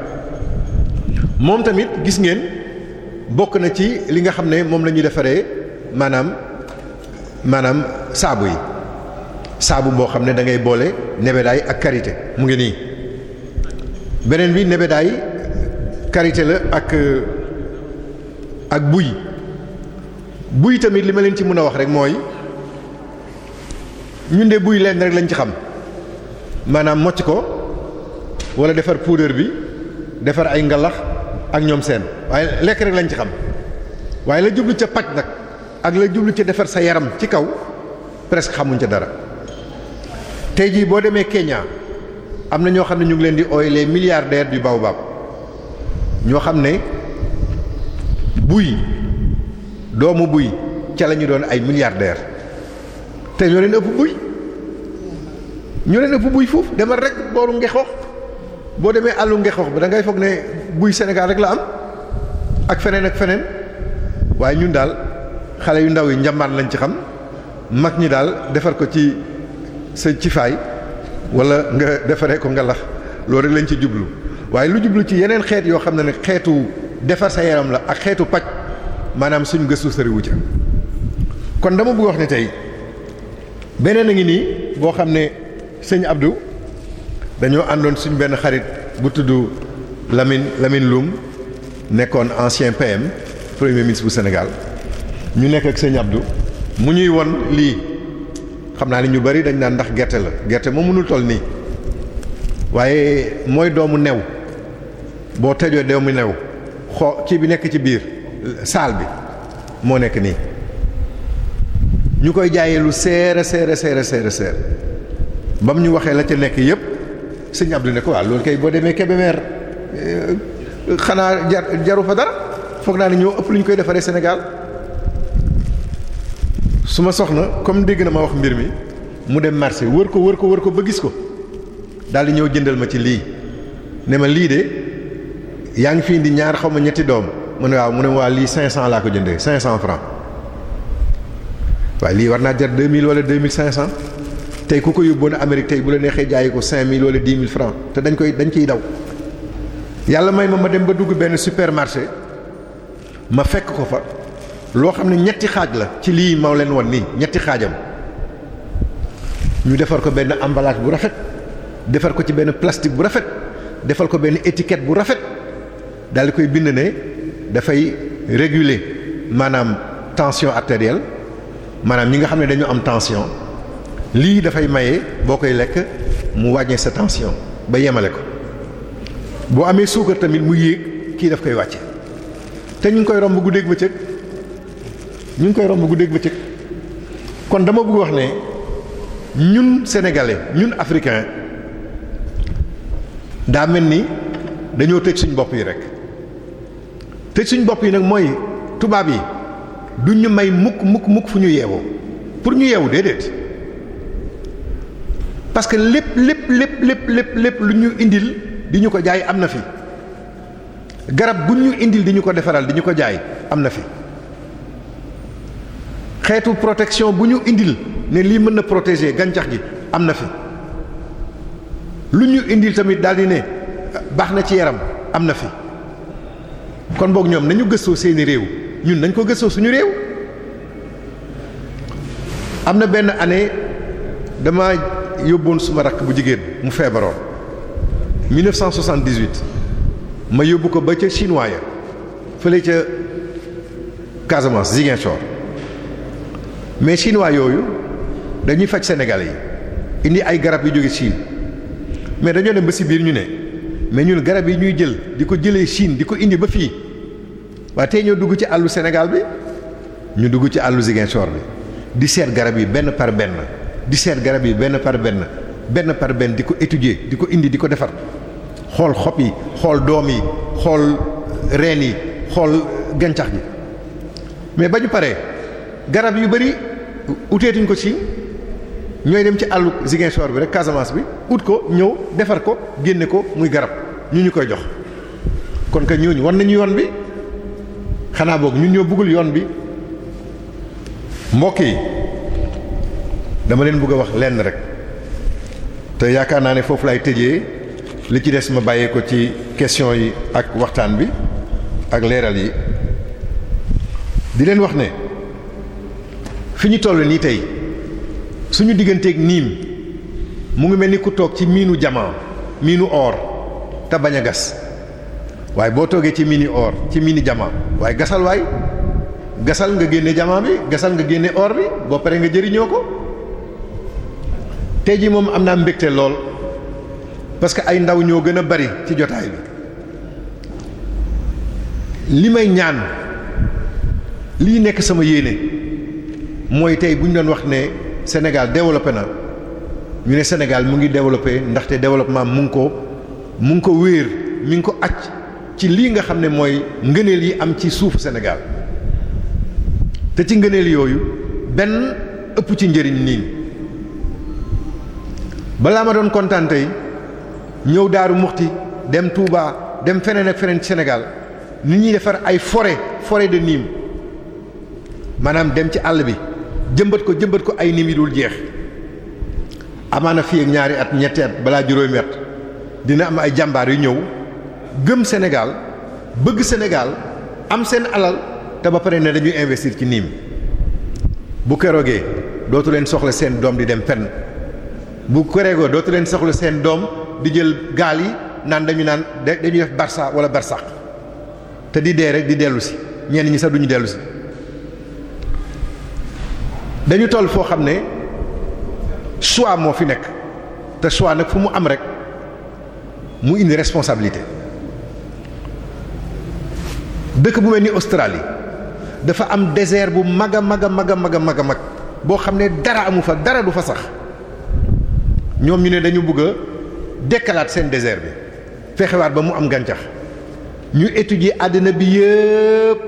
moom tamit gis ngeen bokk na ci li nga xam ne moom la ñuy defaree maanaam maanaam saabu yi saabu boo xam ne da ngay boole nebedaay ak karité mu ngi nii beneen bi nebedaay karité la ak euh, ak buy buy tamit li ma leen ci mën a wax rek mooy ñun de buy leen rek lañ ci xam maanaam mocc ko wala defar poudre bi defar ay ngalax ak ñoom seen waaye lekk rek lañ ci xam waaye la jublu ca paj nag ak la jublu ca defar sa yaram ci kaw presque xamuñ ca dara tey jii boo demee Kenya am na ñoo xam ne ñu ngi leen di ooy les milliardaires du baobab ñoo xam ne buy doomu buy ca la ñu doon ay milliardaire te ñoo leen ëpp buy ñoo leen ëpp buy foofu demal rek booru ngexoox boo demee àllu ngexoox bi dangay foog ne buy Sénégal rek la am ak feneen ak feneen waaye ñun daal xale yu ndaw yi njambaar lañ ci xam mag ñi daal defar ko ci sa ci faay wala nga defaree ko nga loolu rek lañ ci jublu waaye lu jublu ci yeneen xeet yoo xam ne nag xeetu defar sa yaram la ak xeetu paj maanaam suñ gëstu sëriwu ca kon dama bëgg wax ne tey beneen a ngi nii boo xam ne sëñ Abdou dañoo àndoon suñ benn xarit bu tudd Lamine Lamine Loum nekkoon ancien PM premier ministre bu senegal ñu nekk ak sëñ Abdou mu ñuy won lii xam naa ni ñu bari dañ naan ndax gerte la gerte moo mënul toll nii waaye mooy doomu new boo tëjoo dew mu new xoo kii bi nekk ci biir saal bi moo nekk nii ñu koy jaayee lu seere seere seere seere ba mu ñu waxee la ca nekk yépp sëñ Abdou ne ko waaw loolu kay boo demee Kébémer eh, xanaa jar jaru fa dara foog naa ne ñoo ëpp lu ñu koy defaree Sénégal su ma soxna comme dégg na ma wax mbir mi mu dem marché wër ko wër ko wër ko ba gis ko daldi ñëw jëndal ma ci lii ne ma lii de yaa ngi fii ndi ñaar xaw ma ñetti doom mu ne waaw mu ne waa lii 500 laa ko jëndee 500 francs waaye lii war naa jar 2000 wala 2500 tey ku ko yóbboon Amérique tey bu la neexee jaayi ko 5000 wala 10 000 francs te dañ koy dañ ciy daw. yàlla may ma ma dem ba dugg benn supermarché ma fekk ko fa loo xam ne ñetti xaaj la ci lii ma leen woon nii ñetti xaajam ñu defar ko benn emballage bu rafet defar ko ci benn plastique bu rafet defal ko benn étiquette bu rafet. daal di koy bind ne dafay réguler maanaam tensiyon artérielle maanaam ñi nga xam ne dañoo am tension lii dafay maye boo koy lekk mu wàññee sa tension ba yemale ko boo amee suukar tamit mu yéeg kii daf koy wàcce te ñu ngi koy romb guddeeg bëccëg ñu ngi koy romb guddeeg bëccëg kon dama bëgg wax ne ñun sénégalais ñun africain daa mel ni dañoo tëj suñu bopp yi rek te suñ bopp yi nag mooy tubaab yi duñ ñu may mukk mukk mukk fu ñu yeewoo pour ñu yeewu déedéet parce que lépp lépp lépp lépp lépp lu ñu indil di ñu ko jaay am na fi garab bu ñu indil di ñu ko defaral di ñu ko jaay am na fi xeetu protection bu ñu indil ne lii mën na protéger gàncax gi am na fi lu ñu indil tamit daldi ne baax na ci yaram am na fi kon boog ñoom nañu gëstoo seeni réew ñun nañ ko gësoo suñu réew am na benn année dama yóbboon suma rakk bu jigéen mu feebaroon 1978 ma yóbbu ko ba ca chinois ya fële ca Casamance Ziguinchor mais chinois yooyu dañuy faj sénégalais yi indi ay garab yu jóge Chine mais dañoo dem ba ci biir ñu ne mais ñun garab yi ñuy jël di ko jëlee Chine di ko indi ba fii waaye tey ñoo dugg ci àllu Sénégal bi ñu dugg ci àllu Ziguinchor bi di seet garab yi benn par benn di garab yi benn par benn benn par di ko étudier di ko indi di ko defar xool xob yi xool doom yi xool reen yi xool gàncax gi mais ba ñu paree garab yu bari uteetuñ ko Chine ñooy dem ci àllu Ziguinchor bi rek Casamance bi ut ko ñëw defar ko génne ko muy garab ñu ñu koy jox kon que ñooñu wan nañu yoon bi xanaa boog ñu ñoo bëggul yoon bi mbokk yi dama leen bëgg a wax lenn rek te yaakaar naa ne foofu lay tëjee li ci des ma bàyyee ko ci question yi ak waxtaan bi ak leeral yi di leen wax ne fi ñu toll nii tey. suñu digganteek niim mu ngi mel ni ku toog ci miinu jamaa miinu or te bañ a gas waaye boo toogee ci miini or ci miinu jamaa waaye gasal waay gasal nga génne jamaa bi gasal nga génne or bi boo nga jëriñoo ko tey jii moom am naa mbégte lool parce que ay ndaw ñoo gën a bari ci jotaay bi li may ñaan lii nekk sama yéene mooy tey bu ñu doon wax ne. Sénégal développé na ñu ne Sénégal mu ngi développé ndaxte développement mu ngi ko mu ngi ko wéer mi ngi ko acc ci lii nga xam ne mooy ngëneel yi am ci suufu Sénégal te ci ngëneel yooyu benn ëpp ci njëriñ nii balaa ma doon kontaan tey ñëw Daaru Muxti dem tuubaa dem feneen ak feneen ci Sénégal nit ñuy defar ay fore fore de Nîmes maanaam dem ci àll bi jëmbat ko jëmbat ko ay nim yi dul jeex amaana fii ak ñaari at ñetti at balaa juróomi at dina am ay jàmbaar yu ñëw gëm Sénégal bëgg Sénégal am seen alal te ba pare ne dañuy investir ci niim bu keroogee dootu leen soxla seen doom di dem fenn bu keroogee dootu leen soxla seen doom di jël gaal yi naan dañu naan dañuy def barça wala barsax te di dee rek di dellu si ñenn ñi sax duñu dellu si dañu toll foo xam ne choix moo fi nekk te choix nag fu mu am rek mu indi responsabilité dëkk bu mel ni Australie dafa am désert bu mag a mag a mag a mag a mag a mag boo xam ne dara amu fa dara du fa sax ñoom ñu ne dañu bëgg a dekkalaat seen désert bi fexewaat ba mu am gàncax ñu étudier àddina bi yëpp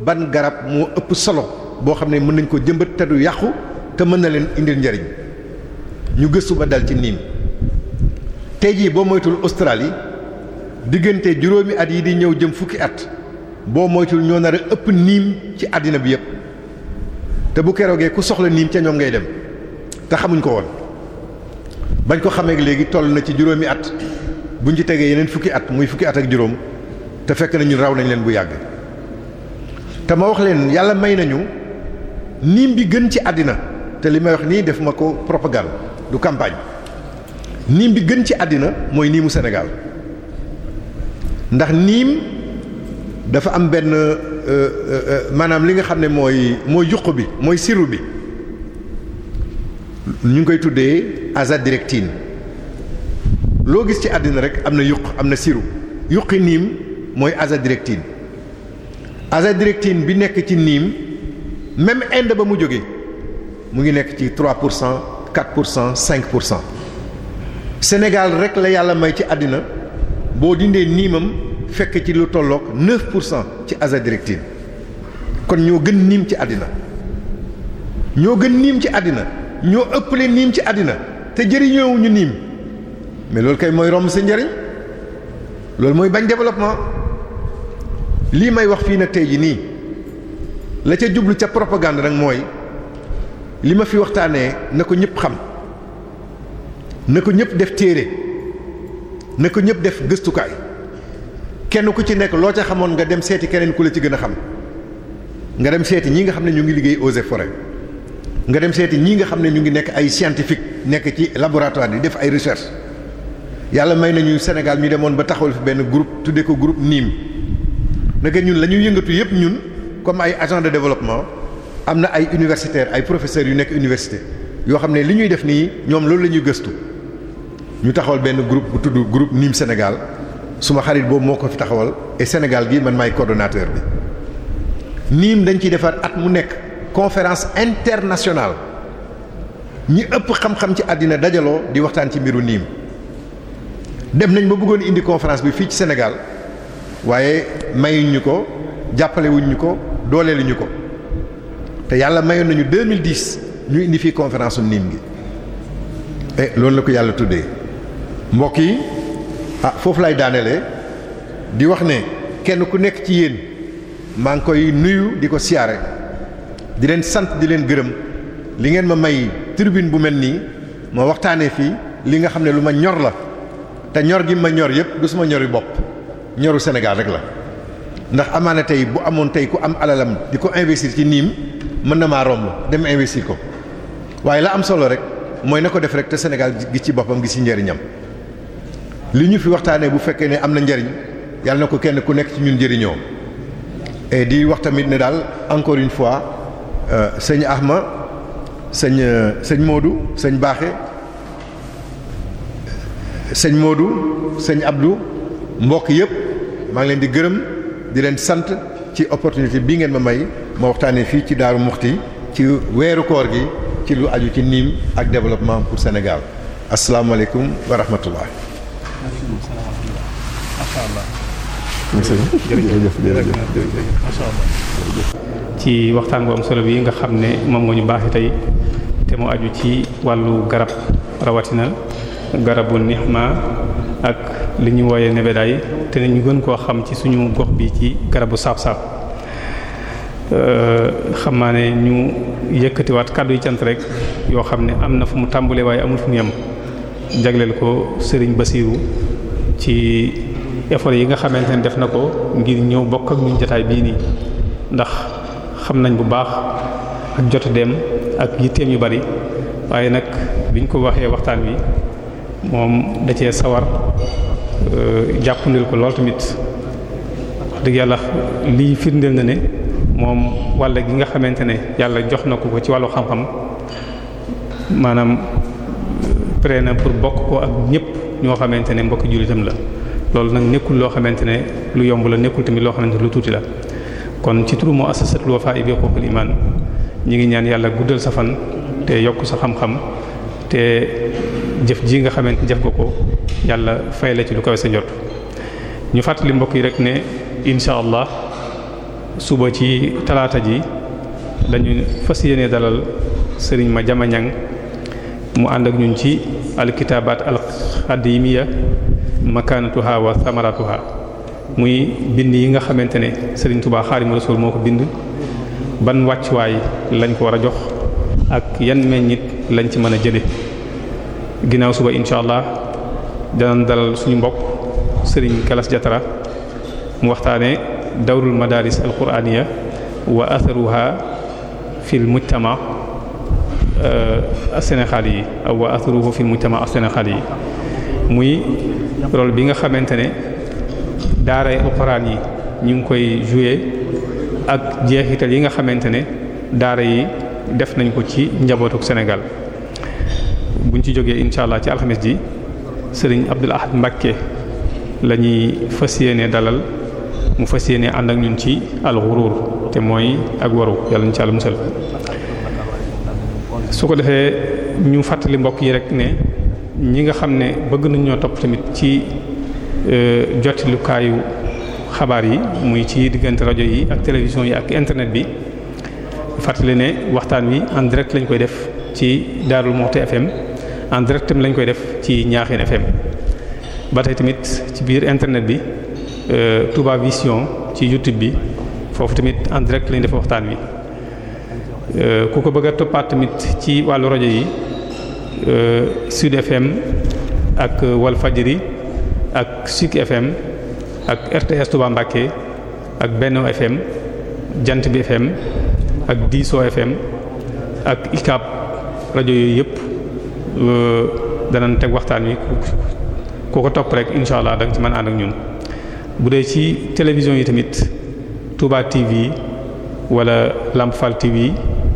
ban garab moo ëpp solo boo xam ne mën nañ ko jëmbat te du yàqu te mën na leen indil njariñ ñu gëstu ba dal ci niin tey jii boo moytul Australie diggante juróomi at yi di ñëw jëm fukki at boo moytul ñoo nar a ëpp niim ci àddina bi yépp te bu keroogee ku soxla niim ca ñoom ngay dem te xamuñ ko woon bañ ko xamee léegi toll na ci juróomi at buñ ci tegee yeneen fukki at muy fukki at ak juróom te fekk nañu raw nañ leen bu yàgg te ma wax leen yàlla may nañu niim bi gën ci àddina te li may wax nii def ma ko propagande du campagne niim bi gën ci àddina mooy niimu senegal ndax niim dafa am benn euh, euh, euh, maanaam li nga xam ne mooy mooy yuq bi mooy siru bi ñu ngi koy tuddee azadiractine loo gis ci àddina rek am na yuq am na siru yuqi niim mooy azadiractine azadiractine bi nekk ci niim même Inde ba mu jóge mu ngi nekk ci 3 pour cent 4 pour cent 5 pour cent Sénégal rek la yàlla may ci àddina boo dindee niimam fekk ci lu tolloog 9 pour cent ci azadirectine kon ñoo gën niim ci àddina ñoo gën niim ci àddina ñoo ëpp ëppale niim ci àddina te jëriñoowu ñu niim mais loolu kay mooy romb sa njëriñ loolu mooy bañ développement lii may wax fii na tey ji nii la ca jublu ca propagande rek mooy li ma fi waxtaanee na ko ñëpp xam na ko ñëpp def téere na ko ñëpp def gëstukaay kenn ku ci nekk loo ca xamoon nga dem seeti keneen ku la ci gën a xam nga dem seeti ñi nga xam ne ñu ngi liggéey eaux et forêt nga dem seeti ñi nga xam ne ñu ngi nekk ay scientifique nekk ci laboratoire di def ay recherche yàlla may ñuy Sénégal ñu demoon ba taxawal fi benn groupe tuddee ko groupe niim naka ñun la ñuy yëngatu yëpp ñun comme ay agent de développement am na ay universitaires ay professeurs yu nekk université yoo xam ne li ñuy def nii ñoom loolu la ñuy gëstu ñu taxawal benn groupe bu tudd groupe Nîmes Sénégal suma xarit boobu moo ko fi taxawal et Sénégal gi man maay coordonnateur bi Nîmes dañ ciy defar at mu nekk conférence internationale ñi ëpp xam-xam ci àddina dajaloo di waxtaan ci mbiru niim dem nañ ba bëggoon indi conférence bi fii ci senegal waaye mayuñ ko jàppalewuñ ñu ko dooleelu ñu ko te yàlla mayoon nañu 2010 ñu indi fii conférence niim gi eh loolu la ko yàlla tuddee mbokk yi ah foofu lay daanelee di wax ne kenn ku nekk ci yéen maa ngi koy nuyu di ko siyaare di leen sant di leen gërëm li ngeen ma may tribune bu mel nii ma waxtaanee fii li nga xam ne lu ma ñor la te ñor gi ma ñor yépp du suma ñori bopp ñoru Sénégal rek la. ndax amaana tey bu amoon tey ku am alalam di ko investir ci niim mën na maa romb dem investir ko waaye la am solo rek mooy na ko def rek te Sénégal gi ci boppam gi ci njariñam li ñu fi waxtaanee bu fekkee ne am na njariñ yàlla na ko kenn ku nekk ci ñun njëriñoo di wax tamit ne daal encore une fois euh, sëñ Ahma sëñ euh, sëñ moodu sëñ Baaxe sëñ moodu sëñ Abdou mbokk yëpp maa ngi leen di gërëm. di leen sant ci opportunité bii ngeen ma may ma waxtaanee fii ci Daaru Muxti ci weeru koor gi ci lu aju ci niim ak développement pour Sénégal asalaamaaleykum wa rahmatullah. ci waxtaan bu am solo bi nga xam ne moom nga ñu baaxee tey te mu aju ci wàllu garab rawatina garabu nixma ak. li ñuy wooyee nebedaay te ñu gën koo xam ci suñu gox bi ci garabu saab-saab euh, xam naa ne ñu yëkkatiwaat kàddu yi cant rek yoo xam ne am na fu mu tàmbalee waaye amul fu mu yem jagleel ko Serigne Bassirou ci effort yi nga xamante ne def na ko ngir ñëw bokk ak ñun jotaay bii nii ndax xam nañ bu baax ak jot dem ak yitteem yu bari waaye nag biñ ko waxee waxtaan wi moom da cee sawar Euh, jàppandil ko lool tamit dëgg yàlla lii firndeel na ne moom walla gi nga xamante ne yàlla jox na ko ko ci wàllu xam-xam maanaam euh, pré na pour bokk ko ak ñépp ñoo xamante ne mbokk jullitam la loolu nag nekkul loo xamante ne lu yomb la nekkul tamit loo xamante ne lu tuuti la kon ci turu muassasatul Wafa bi xuququl iman ñi ngi ñaan yàlla guddal sa fan te yokk sa xam-xam te jëf ji nga xamante jëf nga ko yàlla fay la ci lu kawe sa njot ñu fàttali mbokk yi rek ne incha allah suba ci talaata ji dañu fas yéene dalal sëriñ ma jama ñang mu ànd ak ñun ci alkitaabaat alxadimiya makaanatuha wa samaratuha muy bind yi nga xamante ne sëriñ Tuubaa Xaadimu Rasuul moo ko bind ban wàccuwaay lañ ko war a jox ak yan meññit lañ ci mën a jële ginnaaw suba incha allah danañ dalal suñu mbokk sëriñ Galas Jatara mu waxtaane dawrul madaris alquraniya wa atharuha fil mujtama euh, sénéxali yi wa atharuhu fil mujtama sénéxali yi muy rol bi nga xamante ne daaray alquran yi ñu ngi koy jouer ak jeexital yi nga xamante ne daara yi def nañ ko ci njabootuk Sénégal buñ ci jógee incha allah ci alxames ji sëriñ Abdul Ahad Mbacke la fas yéene dalal mu fas yéene ànd ak ñun ci alxuruur te mooy ak waru yàlla ñu ci àll musal su ko defee ñu fàttali mbokk yi rek ne ñi nga xam ne bëgg nañ ñoo topp tamit ci euh, jotilukaayu xabaar yi muy ci diggante rajo yi ak télévision yi ak internet bi fàttali ne waxtaan wi en direct lañ koy def ci Darou Moukhty FM en direct tamit lañ koy def ci Ñaaxeen FM ba tey tamit ci biir internet bi euh, Touba Vision ci YouTube bi foofu tamit en direct lañ def waxtaan wi euh, ku ko bëgg a toppaat tamit ci wàllu rajo yi euh, Sud FM ak Walf fajiri ak Sik FM ak RTS Touba Mbacké ak Benno FM Jant bi FM ak Diso FM ak ICAP rajo yooyu yëpp. Euh, danañ teg waxtaan wi ku ko topp rek incha allah danga ci man ànd ak ñun bu dee ci télévision yi tamit Touba TV wala Lamp Fall TV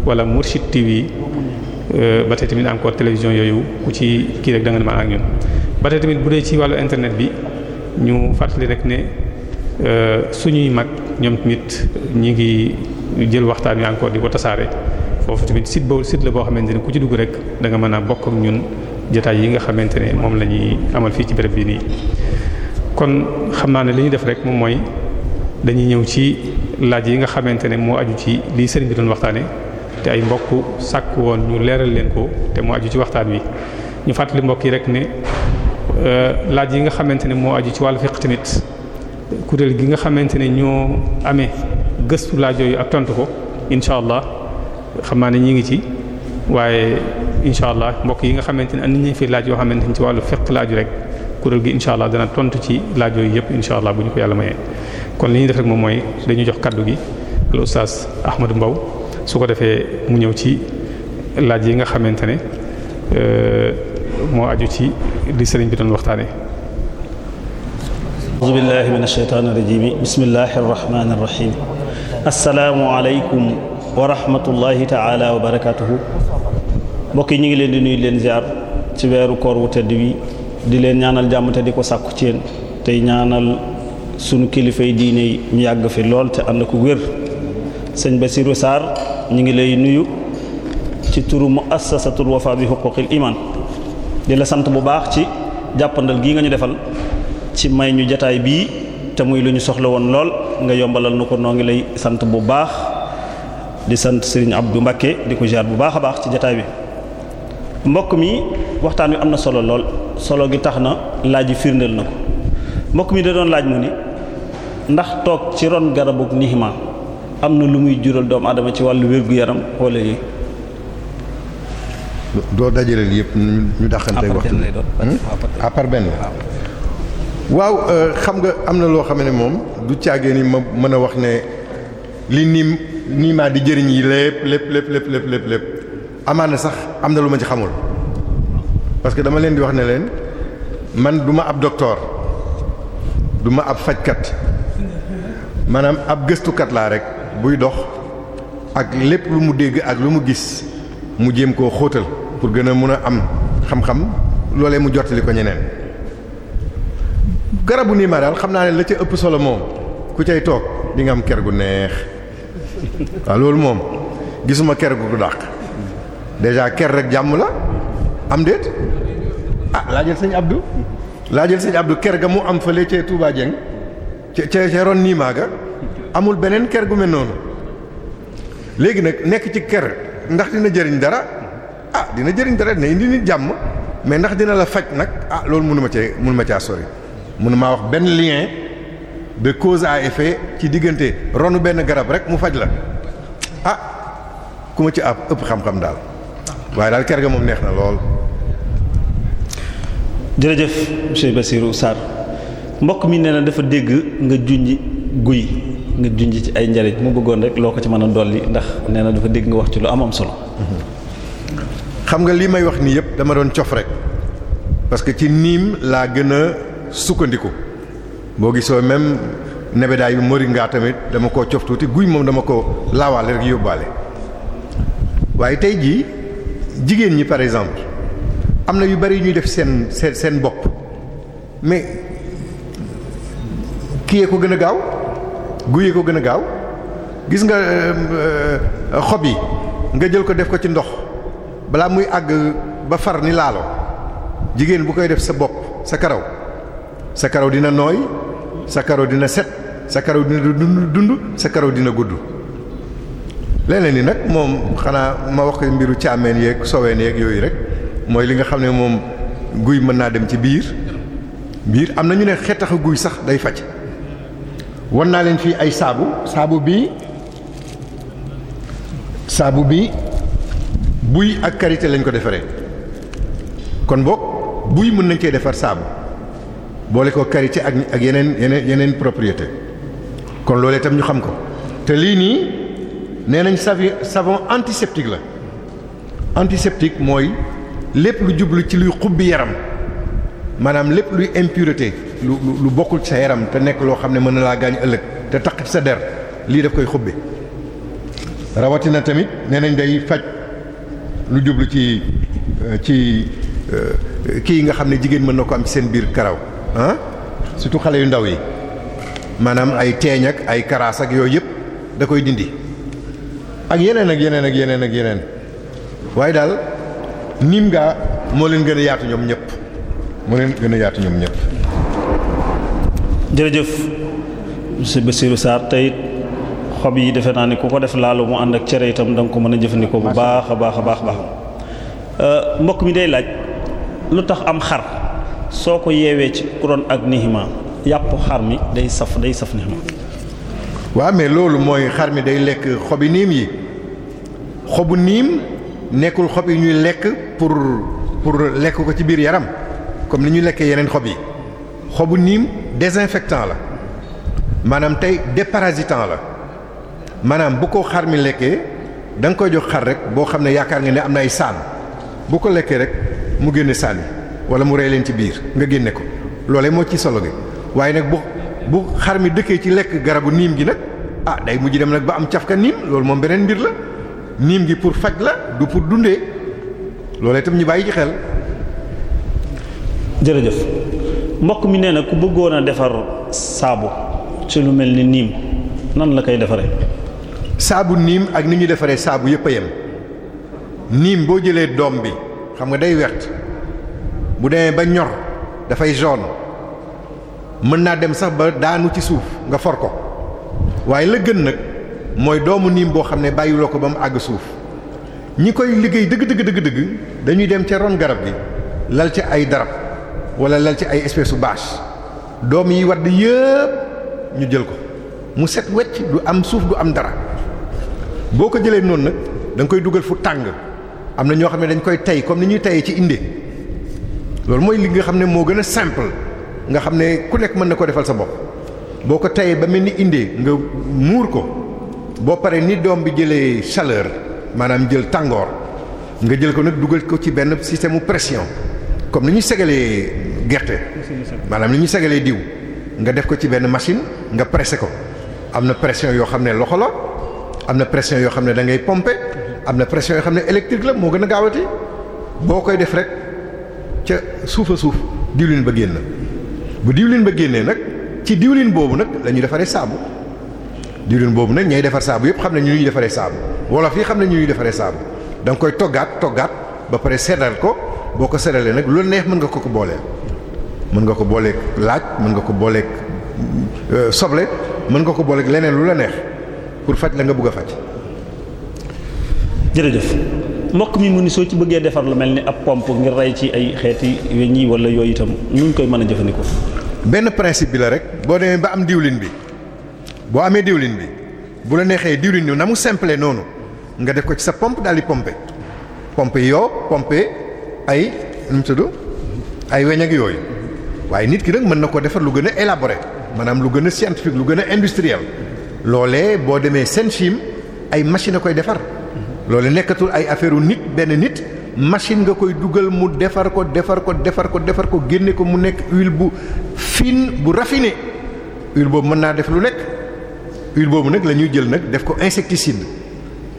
wala Mourchid TV euh, ba tey tamit encore télévision yooyu ku ci kii rek da nga mën ak ñun. ba tey tamit bu dee ci wàllu internet bi ñu fàttali rek ne euh, suñuy mag ñoom tamit ñi ngi jël waxtaan wi encore di ko tasaare. foofu tamit site boobu site la boo xamante ne ku ci dugg rek danga mën a bokk ak ñun jotaay yi nga xamante ne moom la ñuy amal fii ci béréb bi nii. kon xam naa ne li ñu def rek moom mooy dañuy ñëw ci laaj yi nga xamante ne moo aju ci lii sëriñ bi doon waxtaane te ay sàkk woon ñu leeral leen ko te moo aju ci waxtaan wi ñu fàttali mbokk yi rek ne euh, laaj yi nga xamante ne moo aju ci wàllu fiq tamit kuréel gi nga xamante ne ñoo amee gëstu laaj yooyu ak tontu ko incha allah. xam naa ne ñu ngi ci waaye incha allah mbokk yi nga xamante ne nit ñi fi laaj yoo xamante ne ci wàllu fekk laaju rek kuréel gi incha allah dana tontu ci laaj yooyu yëpp incha allah bu ñu ko yàlla mayee. kon li ñu def rek moom mooy dañuy jox kaddu gi al oustaz Ahmadou Mbow su ko defee mu ñëw ci laaj yi nga xamante ne euh, moo aju ci li sëriñ bi doon waxtaanee. a'uuzu billaahi mina wa rahmatullahi taala wa barakatuhu mbokk yi ñu ngi leen di nuyu leen ziar ci weeru koor wu tedd wi di leen ñaanal jàmm te di ko sàkku ci yéen tey ñaanal suñu kilifay diine yi ñu yàgg fi lool te ànd ko wér sëñ Basirou Sarr ñu ngi lay nuyu ci turu muassasatul wafa bi xuquqil iman di la sant bu baax ci jàppandal gii nga ñu defal ci may ñu jataay bii te muy lu ñu soxla woon lool nga yombalal nu ko noo ngi lay sant bu baax di sant ab Abdou Mbacké di ko jaar bu baax a baax ci jataay bi mbokk mi waxtaan wi am na solo lool solo gi tax na laaj yi firndeel na ko mbokk mi da doon laaj mu ni ndax toog ci ron garabu nihima am na lu muy jural doomu aadama ci wàllu wér-gu-yaram wala yi doo dajaleel yëpp ñu daxante waxtu hmm? à part benn waaw euh, xam nga am na loo xam ne moom du caagee ni ma mën a wax ne li nim nii maa di jëriñ yi lépp lépp lépp lépp lépp lépp lépp amaana sax am na lu ma ci xamul parce que dama leen di wax ne leen man duma ab docteur duma ab fajkat maanaam ab gëstukat laa rek buy dox ak lépp lu mu dégg ak lu mu gis mu jéem koo xóotal pour gën a mun a am xam-xam loolee mu jottali ko ñeneen garabu niimaa daal xam naa ne la ca ëpp solo moom ku cay toog di nga am ker gu neex waa loolu moom gisuma ker gu dàq déjà ker rek jàmm la am déet a ah, laa jël sëñ Abdou laa jël ker ga mu am fële ca Touba Dieng ca ca ca ron niimaa ga amul beneen ker gu mel noonu léegi nag nekk ci ker ndax dina jëriñ dara a ah, dina jëriñ dara ne indi nit jàmm mais ndax dina la faj nag a ah, loolu mënu ma cee mënu ma caa sori mënu maa wax benn lien. de cause à effet ci diggante ronu benn garab rek mu faj la ah ku ma ci ab ëpp xam-xam daal waaye daal ker ga moom neex na lool. jërëjëf monsieur Bassirou Sarr mbokk mi nee na dafa dégg nga junj guy nga junj ci ay njariñ mu bëggoon rek loo ko ci mën a dolli ndax nee na dafa dégg nga wax ci lu am am solo. xam nga li may wax nii yëpp dama doon cof rek parce que ci niim laa gën a sukkandiku. boo gisoo même nebedaay bi moringa tamit dama ko cof tuuti guy moom dama ko laawaale rek yóbbaale waaye tey jii jigéen ñi par exemple am na yu bari yu ñuy def seen seen seen bopp mais kiyee ko gën a gaaw guyee ko gën a gaaw gis nga euh, euh, xob yi nga jël ko def ko ci ndox balaa muy àgg ba far ni laalo jigéen bu koy def sa bopp sa karaw sa karaw dina nooy sa karaw dina set sa karaw dina dund dund sa karaw dina gudd leneen yi nag moom xanaa ma wax mbiru caameen yeeg soween yeeg yooyu rek mooy li nga xam ne moom guy mën naa dem ci biir biir am na ñu ne xetaxu guy sax day faj wan naa leen fii ay saabu saabu bi saabu bi buy ak karité lañ ko defaree kon boog buy mën nañ cee defar saabu boole ko quartier ak ak yeneen yeneen yeneen propriété kon loolee itam ñu xam ko te lii nii nee nañ savi savon antiseptique la antiseptique mooy lépp lu jublu ci luy xubbi yaram maanaam lépp luy impureté lu lu bokkul ci sa yaram te nekk loo xam ne mën na laa gaañ ëllëg te taq sa der lii daf koy xubbi rawatina tamit nee nañ day faj lu jublu ci euh, ci euh, kii yi nga xam ne jigéen mën na ko am ci seen biir karaw ah surtout xale yu ndaw yi maanaam ay teeñ ak ay karaas ak yooyu yëpp da koy dindi ak yeneen ak yeneen ak yeneen ak yeneen waaye daal niim gaa moo leen gën a yaatu ñoom ñëpp moo leen gën a yaatu ñoom ñëpp. jërëjëf monsieur Bassirou Sarr tey xob yi defe naa ne ku ko def laalu mu ànd ak cere itam da ko mën a jëfandikoo bu baax a baax a baax a baax euh, mbokk mi day laaj lu tax am xar. soo ko yeewee ci kuroon ak nihima yàpp xar mi day saf day saf nihima waaw mais loolu mooy xar mi day lekk xobi niim yi xobu niim nekkul xob yi ñuy lekk pour pour lekk ko ci biir yaram comme ni ñuy lekkee yeneen xob yi xobu niim désinfectant la maanaam tey déparasitant la maanaam bu ko xar mi lekkee da koy jox xar rek boo xam ne yaakaar nga ne am na ay saan bu ko lekkee rek mu génne saan yi wala mu rey leen ci biir nga génne ko loolee moo ci solo gi waaye nag bu bu xar mi dëkkee ci lekk garabu niim gi nag ah day mujj dem nag ba am cafka niim loolu moom beneen mbir la niim gi pour faj la du pour dundee loolee itam ñu bàyyi ci xel. jërëjëf mbokk mi nee na ku bëggoon a defar saabu ci lu mel ni niim nan la koy defaree. saabu niim ak ni ñu defaree saabu yëpp a yem niim boo jëlee doom bi xam nga day wert. bu demee ba ñor dafay jaune mën naa dem sax ba daanu ci suuf nga for ko waaye la gën nag mooy doomu niim boo xam ne bàyyiloo ko ba mu àgg suuf ñi koy liggéey dëgg dëgg dëgg dëgg dañuy dem ca ron garab bi lal ci ay darab wala lal ci ay espèce u doom yi wadd yëpp ñu jël ko mu set wecc du am suuf du am dara boo ko jëlee noonu nag da koy dugal fu tàng am na ñoo xam ne dañ koy tey comme ni ñuy tey ci inde loolu mooy li nga xam ne moo gën a simple nga xam ne ku nekk mën na ko defal sa bopp boo ko tayee ba mel ni indee nga muur ko boo paree ni doom bi jëlee chaleur maanaam jël tàngoor nga jël ko nag dugal ko ci benn système pression comme ni ñu segalee gerte maanaam li ñu segalee diw nga def ko ci benn machine nga pressé ko am na pression yoo xam ne loxo la am na pression yoo xam ne da ngay pomper am na pression yoo xam ne électrique la moo gën a gaawati boo koy def rek ca suufa suuf diwlin ba génn bu diwlin ba génnee nag ci diwlin boobu nag lañuy defaree saabu diwlin boobu nag ñay defar saabu yëpp xam ne ñu ñuy defaree saabu wala fii xam ne ñu ñuy defaree saabu danga koy toggaat toggaat ba pare seddal ko boo ko seddalee nag lu neex mën nga ko ko booleel. mën nga ko booleeg laaj mën nga ko booleeg euh, soble mën nga ko booleek leneen lu la neex pour faj la nga bëgg a faj. jërëjëf. mbokk mi mu ni soo ci bëggee defar lu mel ni ab pompe ngir rey ci ay xeeti weñ yi walla yooyu itam nuñ koy mën a jëfandikoo. benn principe bi la rek boo demee ba am diwlin bi boo amee diwlin bi bu la neexee diwlin bi na mu simple noonu nga def ko ci sa pompe daal di pompe pomper yoo pompe ay nu ay weñ ak yooyu waaye nit ki nag mën na ko defar lu gën a élaboré maanaam lu gën a scientifique lu gën a industriel loolee boo demee seen film ay machine a koy defar. loole nekkatul ay affaire nit benn nit machine nga koy dugal mu defar ko defar ko defar ko defar ko génne ko mu nekk huile bu fine bu raffiné huile boobu mën naa def lu nekk huile boobu nag la ñuy jël nag def ko insecticide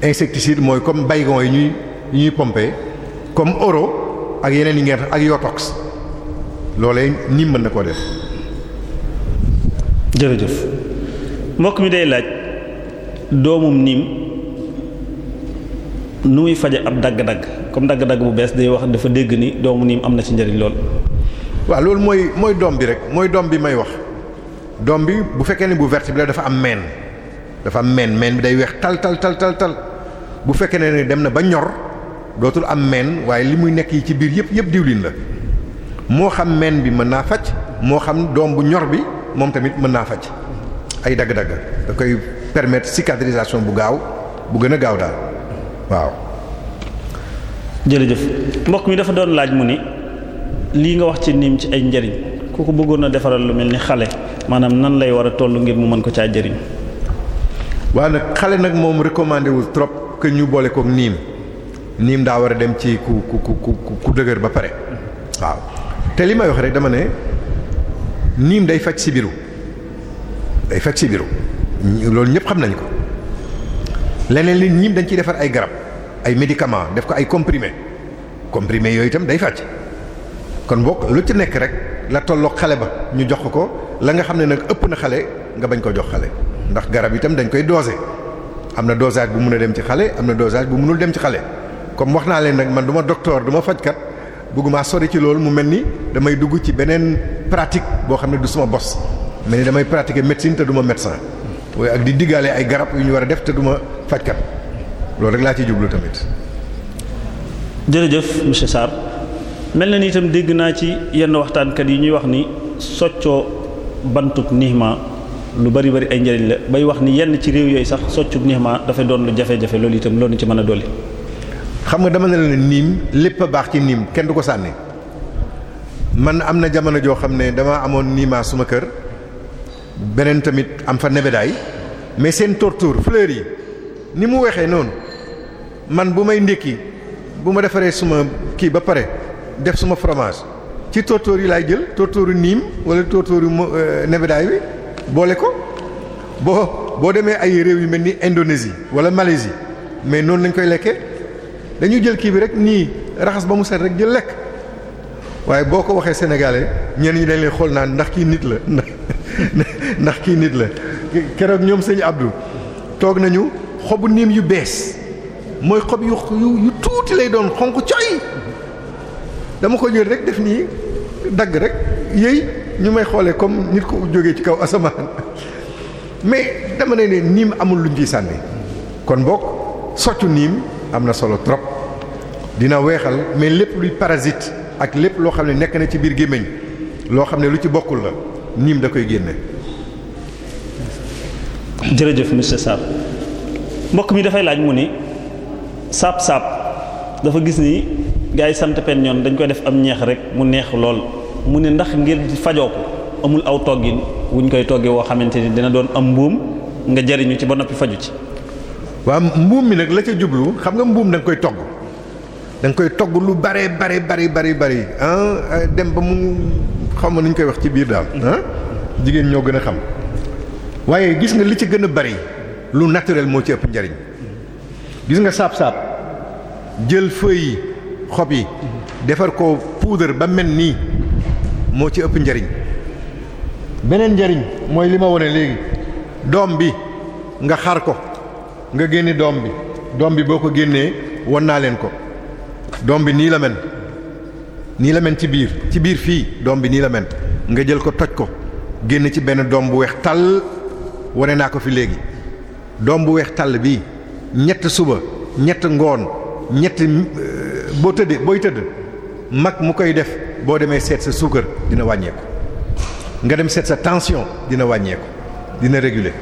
insecticide mooy comme baygon yi ñuy ñuy pomper comme oro ak yeneen yi ngeen ak yotox loolee nii mën na koo def. jërëjëf mbokk mi day laaj doomum niim. nu muy faje ab dagg-dagg comme dagg-dagg bu bees day wax dafa dégg ni doomu niim am na ci njëriñ lool. waaw loolu mooy mooy doom bi rek mooy doom bi may wax doom bi bu fekkee ne bu verte bi la dafa am meen dafa am meen meen bi day weex tal tal tal tal bu fekkee ne dem na ba ñor dootul am meen waaye li muy nekk yi ci biir yëpp yëpp diwlin la moo xam meen bi mën naa faj moo xam doom bu ñor bi moom tamit mën naa faj ay dagg-dagg da koy permettre cicatrisation bu gaaw bu gën a gaaw daal. waaw. jërëjëf mbokk mi dafa doon laaj mu ni lii nga wax ci niim ci ay njariñ ku ko bëggoon a defaral lu mel ni xale maanaam nan lay war a toll ngir mu mën ko caa jëriñ. waaw nag xale nag moom recommandé wul trop que ñu boole kook niim niim daa war a dem ci ku ku ku ku dëgër ba pare waaw te li may wax rek dama ne niim day faj sibiru day faj sibiru loolu ñëpp xam nañ ko leneen li niim dañ ciy defar ay garab. ay médicament def ko ay comprimés comprimés yooyu itam day fàcc kon bokk lu ci nekk rek la tolloog xale ba ñu jox ko la nga xam ne nag ëpp na xale nga bañ ko jox xale ndax garab itam dañ koy doser am na dosage bu mun a dem ci xale am na dosage bu munul dem ci xale comme wax naa leen nag man du ma docteur du ma fajkat bëgguma sori ci loolu mu mel ni damay dugg ci beneen pratique boo xam ne du suma bos mel ni damay pratiquer médecine te du ma médecin waaye ak di diggaale ay garab yu ñu war a def te du fajkat loolu rek laa ci jublu tamit. jërëjëf monsieur Sarr mel na ni itam dégg naa ci yenn waxtaankat yi ñuy wax ni soccoo bantub niima lu bari bari ay njëriñ la bay wax ni yenn ci réew yooyu sax soccub niima dafay doon lu jafe-jafe loolu itam loolu ci mën a dolli. xam nga dama ne la niim lépp a baax ci niim kenn du ko sànni man am na jamono joo xam ne dama amoon niima suma kër beneen tamit am fa nebedaay mais seen torture fleur yi ni mu weexee noonu. man bu may ndékki bu ma defaree suma kii ba pare def suma fromage ci tóortóor yi laay jël tóortóoru niim wala tóortóoru euh, nebedaay bi boole ko boo boo demee ay réew yu mel ni Indonésie wala Malaisie mais noonu lañ koy lekkee dañu jël kii bi rek nii raxas ba mu set rek jël lekk waaye boo ko waxee sénégalais ñenn ñi dañ leen xool naan ndax kii nit la ndax kii nit la keroog ñoom sëñ Abdou toog nañu xobu niim yu bees. mooy xob yu yu tuuti lay doon xonq coy dama ko jël rek def nii dagg rek yéy ñu may xoolee comme nit ko jógee ci kaw asamaan mais dama ne ne niim amul luñ ciy sànni kon bokk soccu niim am na solo trop dina weexal mais lépp luy parasite ak lépp loo xam ne nekk na ci biir gémmiñ loo xam ne lu ci bokkul la niim da koy génne. jërëjëf monsieur Sarr mbokk mi dafay laaj mu ni saab saab dafa gis ni gaa yi sant pen ñoon dañ koy def am ñeex rek mu neex lool mu ne ndax ngir fajoo ko amul aw toggin wuñ koy toggee woo xamante ni dina doon am mbuum nga jariñu ci ba noppi faju ci waaw mbuum mi nag la ca jublu xam nga mbuum danga koy togg da koy togg lu bare bare bari bari bari ah dem ba mu xam nañ koy wax ci biir daal ah jigéen ñoo gën a xam waaye gis nga li ci gën a bari lu naturel moo ci ëpp njariñ gis nga saab-saab jël feuilles xob yi defar ko poudre ba men nii moo ci ëpp njariñ beneen njariñ mooy li ma wone léegi doom bi nga xar ko nga génne doom bi doom bi boo ko génnee won naa leen ko doom bi nii la mel nii la mel ci biir ci biir fii doom bi nii la mel nga jël ko toj ko génn ci benn doom bu weex tàll wane naa ko fi léegi doom bu weex tàll bii ñett suba ñett ngoon ñett euh, boo tëddee booy tëdd mag mu koy def boo demee seet sa suukar dina wàññeeku nga dem seet sa tension dina wàññeeku dina réguler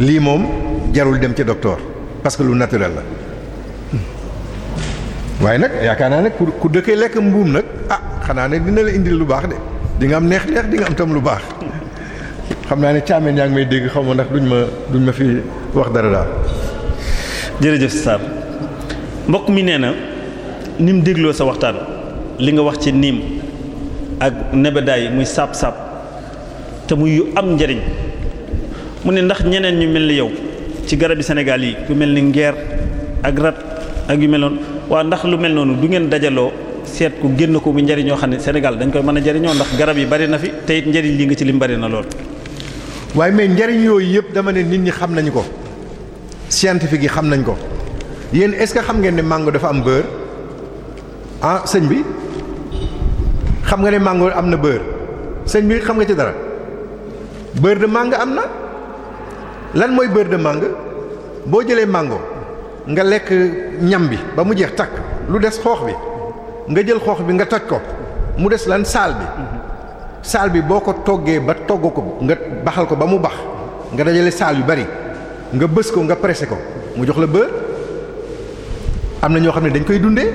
lii moom jarul dem ci docteur parce que lu naturel la waaye nag yaakaar naa ne ku ku dëkkee lekk mbuum nag a ah, xanaa ne dina la indil lu baax de di nga am neex neex di nga am tam lu baax xam naa ne caamen yaa ngi may dégg xaw ma ndax duñ ma duñ ma fi wax dara daal jërëjëf Sarr mbokk mi nee na ni mu dégloo sa waxtaan li nga wax ci niim ak nebedaay muy saab saab te muy yu am njariñ mu ne ndax ñeneen ñu mel ni yow ci garabi Sénégal yi ku mel ni ngeer ak rat ak yu mel noonu waa ndax lu mel noonu du ngeen dajaloo seet ku génn ko bu njariñoo xam ne Sénégal dañ koy mën a jariñoo ndax garab yi bari na fi tey it njariñ li nga ci lim bari na lool. waaye mais njariñ yooyu yëpp dama ne nit ñi xam nañu ko. scientifique yi xam nañ ko yéen est-ce que xam ngeen ne mango dafa am beurre ah sëñ bi xam nga ne màngoo am na bër sëñ bi xam nga ci dara beurre de mangue am na lan mooy beurre de màng boo jëlee mango nga lekk ñam bi ba mu jeex takk lu des xoox bi nga jël xoox bi nga toj ko mu des lan saal bi saal bi boo ko toggee ba togg ko nga baxal ko ba mu bax nga dajale saal yu bari nga bës ko nga pressé ko mu jox la beurre am na ñoo xam ne dañ koy dundee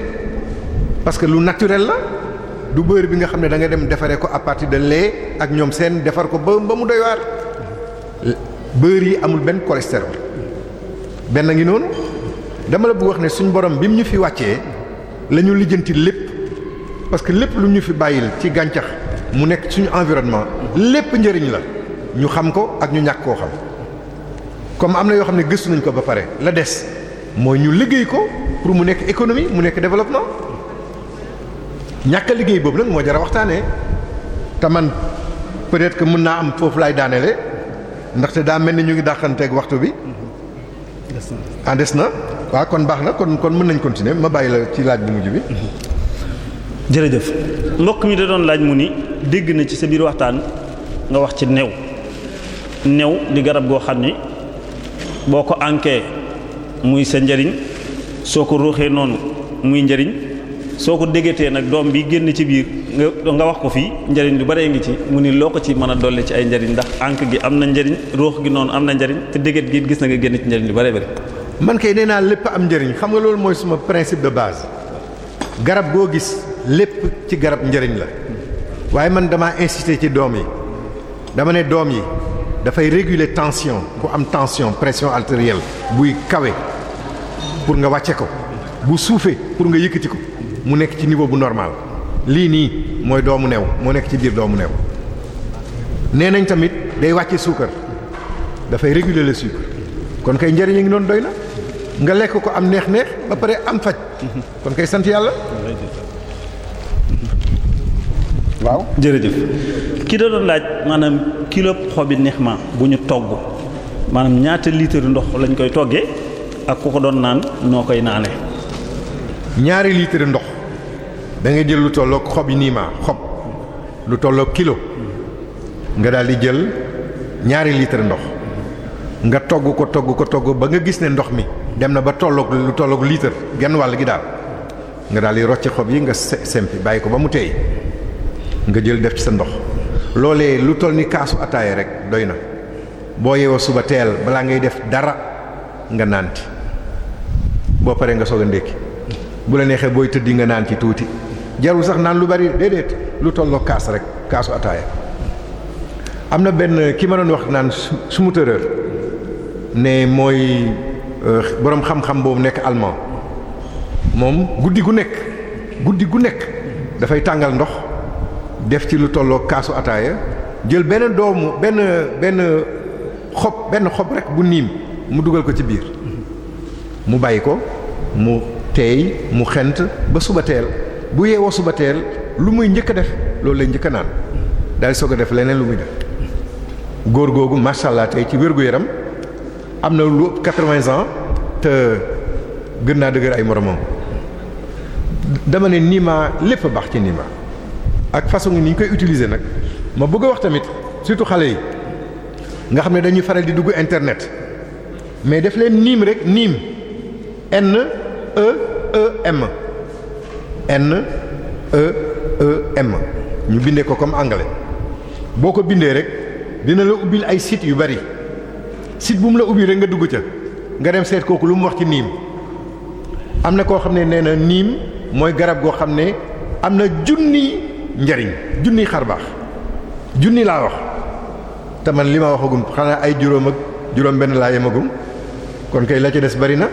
parce que lu naturel la du beurre bi nga xam ne da nga dem defaree ko à partir de lait ak ñoom seen defar ko ba ba mu doy waar yi amul benn cholestérol benn ngi noonu dama la bëgg wax ne suñ borom bi mu ñu fi wàccee la ñu lijjanti lépp parce que lépp lu ñu fi bàyyil ci gàncax mu nekk suñu environnement lépp njëriñ la ñu xam ko ak ñu ñàkk koo xam. comme am na yoo xam ne gëstu nañ ko ba pare la des mooy ñu liggéey ko pour mu nekk économie mu nekk développement ñàkk liggéey boobu nag moo jar a waxtaanee te man peut-être que mën naa am foofu laay daaneele ndaxte daa mel ni ñu ngi dàqanteeg waxtu bi. ah des na waaw kon baax na kon kon mën nañ continuer ma bàyyi la ci laaj bu mujj bi. jërëjëf mbokk mi da doon laaj mu ni dégg na ci sa biir waxtaan nga wax ci new new di garab goo xam ni boo ko ankee muy sa njariñ soo ko ruuxee noonu muy njariñ soo ko déggatee nag doom bi génn ci biir nga nga wax ko fii njariñ lu baree ngi ci mu ni loo ko ci mën a dolli ci ay njariñ ndax ank gi am na njariñ roox gi noonu am na njariñ te déggat gi gis na nga génn ci njariñ lu baree bari man kay nee naa lépp am njariñ xam nga loolu mooy suma principe de base garab goo gis lépp ci garab njariñ la waaye man damaa insister ci doom yi dama ne doom yi dafay réguler tension ku am tension pression artérielle buy kawe pour nga wàcce ko bu suufee pour nga yëkkati ko mu nekk ci niveau bu normal lii nii mooy doomu neew moo nekk ci biir doomu new nee nañ tamit day wàcce suukar dafay réguler le sucre kon kay njëriñ a ngi doon doy na nga lekk ko am neex neex ba pare am faj kon kay sant yàlla waaw jërëjëf ki da doon laaj maanaam kilo xobi neex ma bu ñu togg maanaam ñaata litre ndox lañu koy toggee ak ku ko doon naan noo koy naane ñaari litre ndox dangay ngay jël lu tolloog xob yi nii ma xob lu tolloog kilo nga daal di jël ñaari litre ndox nga togg ko togg ko togg ba nga gis ne ndox mi dem na ba tolloog lu tolloog litre genn wàll gi daal nga daal di rocc xob yi nga sempi bàyyi ko ba mu teey nga jël def ci sa ndox loolee lu toll ni kaasu ataaya rek doy na boo yeewoo suba teel balaa ngay def dara nga naanti boo paree nga soog a ndékki bu la neexee booy tëddi nga naan ci tuuti jarul sax naan lu bari déedéet lu tolloo kaas rek kaasu ataaya am na benn ki ma doon wax naan sumu tërër ne mooy euh, boroom xam-xam boobu nekk allemand moom guddi gu nekk guddi gu nekk dafay tàngal ndox def ci lu tolloo kaasu ataaya jël benn doomu benn benn xob benn xob rek bu niim mu dugal ko ci biir mu bàyyi ko mu teey mu xent ba suba teel bu yeewoo suba teel lu muy njëkk def loolu lay njëkk a naan daal soog a def leneen lu muy def góor googu macha allah tey ci wér gu yaram am na lu ëpp quatre-vingts te gën naa dëgër ay moromam dama ne niimaa lépp baax ci niimaa ak façon ni ñu koy utiliser nag ma bëgg wax tamit surtout xale yi nga xam ne dañuy faral di dugg internet mais def leen niim rek niim N E E M N ñu bindee ko comme anglais boo ko bindee rek dina la ubbil ay site yu bari site bu mu la ubbi rek nga dugg ca nga dem seet kooku lu mu wax ci niim am na koo xam ne nee na niim mooy garab goo xam ne am na junni. njariñ junniy xar junni laa te man li ma waxagum xanaa ay juróom ak laa yemagum kon kay la ci des bari na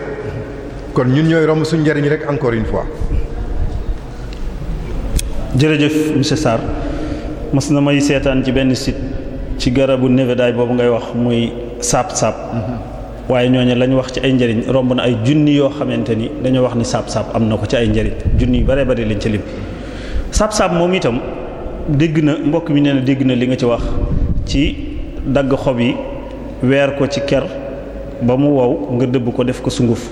kon ñun ñooy romb suñu rek encore une fois. jërëjëf monsieur Sarr mas na may seetaan ci benn site ci garabu nevedaay boobu ngay wax muy saab saab mm-hmm. waaye ñooñu lañ wax ci ay njariñ romb na ay junni yoo xamante ni dañoo wax ni saab saab am na ko ci ay njariñ junni yu bare bare lañ ci lim. sab-sab moom itam dégg na mbokk mi nee na dégg na li nga ci wax ci dagg xob yi weer ko ci ker ba mu wow nga dëbb ko def ko sunguf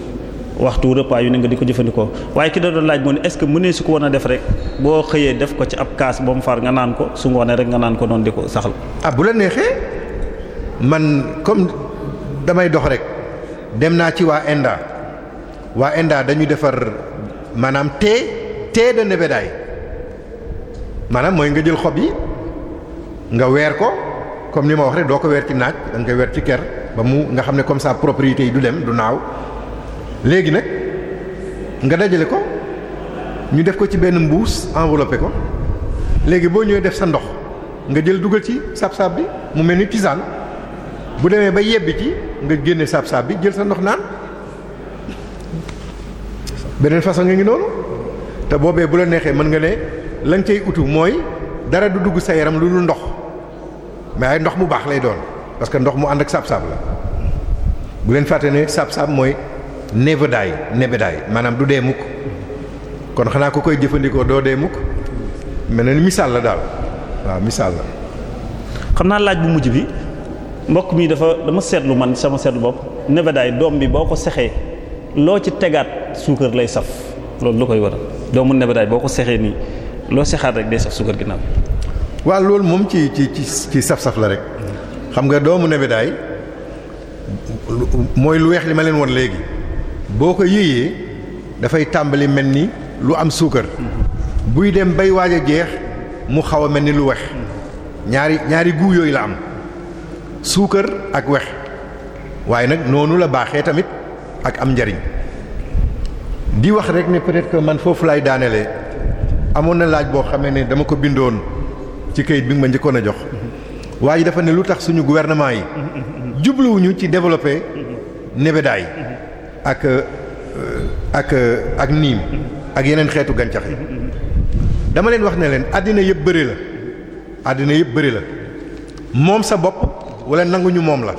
waxtu repas yu ne nga di ko jëfandikoo waaye ki da doon laaj moo ne est-ce que mënee su ko woon a def rek boo xëyee def ko ci ab kaas ba mu far nga naan ko su ngoonee rek nga naan ko noonu di ko saxal. ah bu la neexee man comme damay dox rek dem naa ci waa Enda waa Enda dañu defar maanaam thé thé de nebedaay maanaam mooy nga jël xob yi nga weer ko comme ni ma wax rek doo ko weer ci naaj da nga weer ci ker ba mu nga xam ne comme ça propriété yi du dem du naaw léegi nag nga dajale ko ñu def ko ci benn mbuus enveloppé ko léegi boo ñëwee def sa ndox nga jël dugal ci saab-saab bi mu mel ni tisane bu demee ba yebbi ci nga génne saab-saab bi jël sa ndox naan beneen façon nga ngi noonu te boobee bu la neexee mën nga ne lañ nga cay utu mooy dara du dugg sa yaram lu dul ndox mais ay ndox mu baax lay doon parce que ndox mu ànd ak saab la bu leen fàtte ne saab mooy nebedaay nebedaay maanaam du dee mukk kon xanaa ko koy jëfandikoo doo dee mukk mel na ni misaal la daal waaw misaal la. xam naa laaj bu mujj bi mbokk mi dafa dama seetlu man sama seetlu bopp nebedaay doom bi boo ko sexee loo ci tegaat suukar lay saf loolu lu koy waral doomu nebedaay boo ko sexee nii. loo si xaar rek day saf suukar ginnaaw. waa loolu moom ci ci ci saf-saf la rek xam nga doomu nebedaay mooy lu weex li ma leen woon léegi boo ko yéeyee dafay tàmbali mel ni lu am suukar buy dem bay waaj a jeex mu xaw a mel ni lu wex ñaari ñaari yooyu la am suukar ak wex waaye nag noonu la baaxee tamit ak am njariñ di wax rek ne peut-être man foofu lay daanelee amoon na laaj boo xamee ne dama ko bindoon ci kayit bi nga ma njëkkoon a jox waaye dafa ne lu tax suñu gouvernement yi jubluwuñu ci développer nebedaay ak euh, ak euh, ak niim ak yeneen xeetu gàncax yi dama leen wax ne leen àddina yëpp bëri la àddina yëpp bëri la moom sa bopp wala nanguñu moom la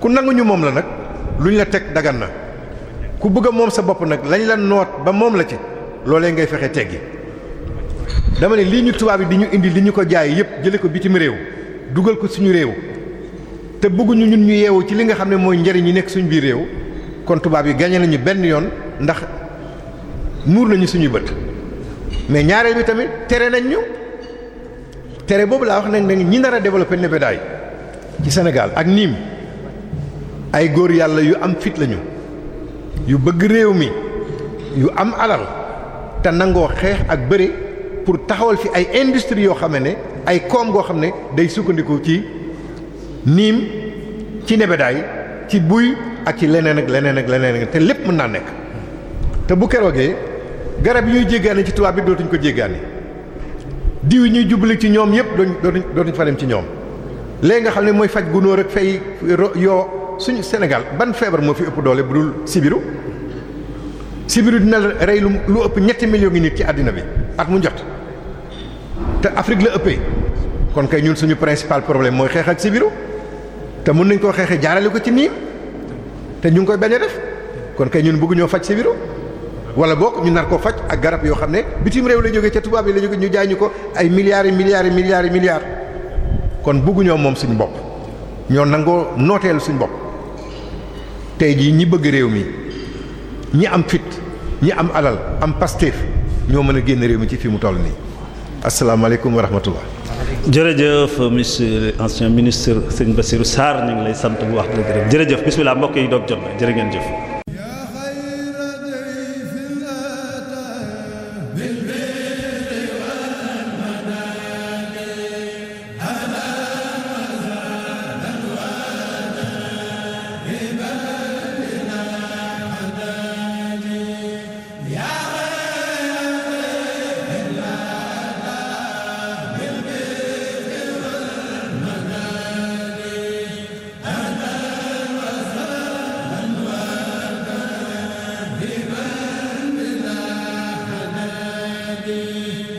ku nanguñu moom la nag luñ la teg dagan na ku bëgg moom sa bopp nag lañu la noot ba moom la ci loolee ngay fexe teggi dama ne lii ñu tubaab yi di ñu indi li ñu ko jaay yépp jële ko bitim réew dugal ko suñu réew te bëgguñu ñun ñu yeewu ci li nga xam ne mooy njëriñ yi nekk suñu biir réew kon tubaab yi gañe nañu benn yoon ndax muur nañu suñu bët mais ñaareel bi tamit tere nañ ñu tere boobu laa wax nañ ne ñi nar a développé nebedaay ci Sénégal ak niim ay góor yàlla yu am fit lañu yu bëgg réew mi yu am alal te nangoo xeex ak bëre pour taxawal fi ay industrie yoo xam ne ay koom goo xam ne day sukkandiku ci niim ci nebedaay ci buy ak ci leneen ak leneen ak leneen te lépp mën naa nekk te bu keroogee garab yi ñuy jéggaane ci tubaab bi dootuñ ko jéggaane diw yi ñuy jubali ci ñoom yëpp dootuñ dootuñ ci ñoom léegi nga xam ne mooy faj gunóor ak fay yoo suñu Sénégal ban feebar moo fi ëpp doole bu dul sibiru sibiru dina rey lu lu ëpp ñetti millions ngi nit ci àddina bi at mu jot te Afrique la ëppee kon kay ñun suñu principal problème mooy xeexal ak sibiru te mën nañ ko xeexe jaarale ko ci nii te ñu ngi koy bañ a def kon kay ñun bëgguñoo faj si sibiru wala boog ñu nar ko faj ak garab yoo xam ne bitim réew la jógee ca tubaab yi la jógee ñu jaay ñu ko ay milliards milliards milliards milliards kon bugguñoo moom suñu bopp ñoo nangoo nooteelu suñu bopp tey jii ñi bëgg réew mi ñi am fit ñi am alal am pastéef ñoo mën a génn réew mi ci fi mu toll nii. asalaamaaleykum wa rahmatullah jërëjëf monsieur ancien ministre sëñ basiru Sarr ñu ngi lay sant bu wax dëgg jërëjëf bismillah mbokk yi doog jot na jërë ngeen jëf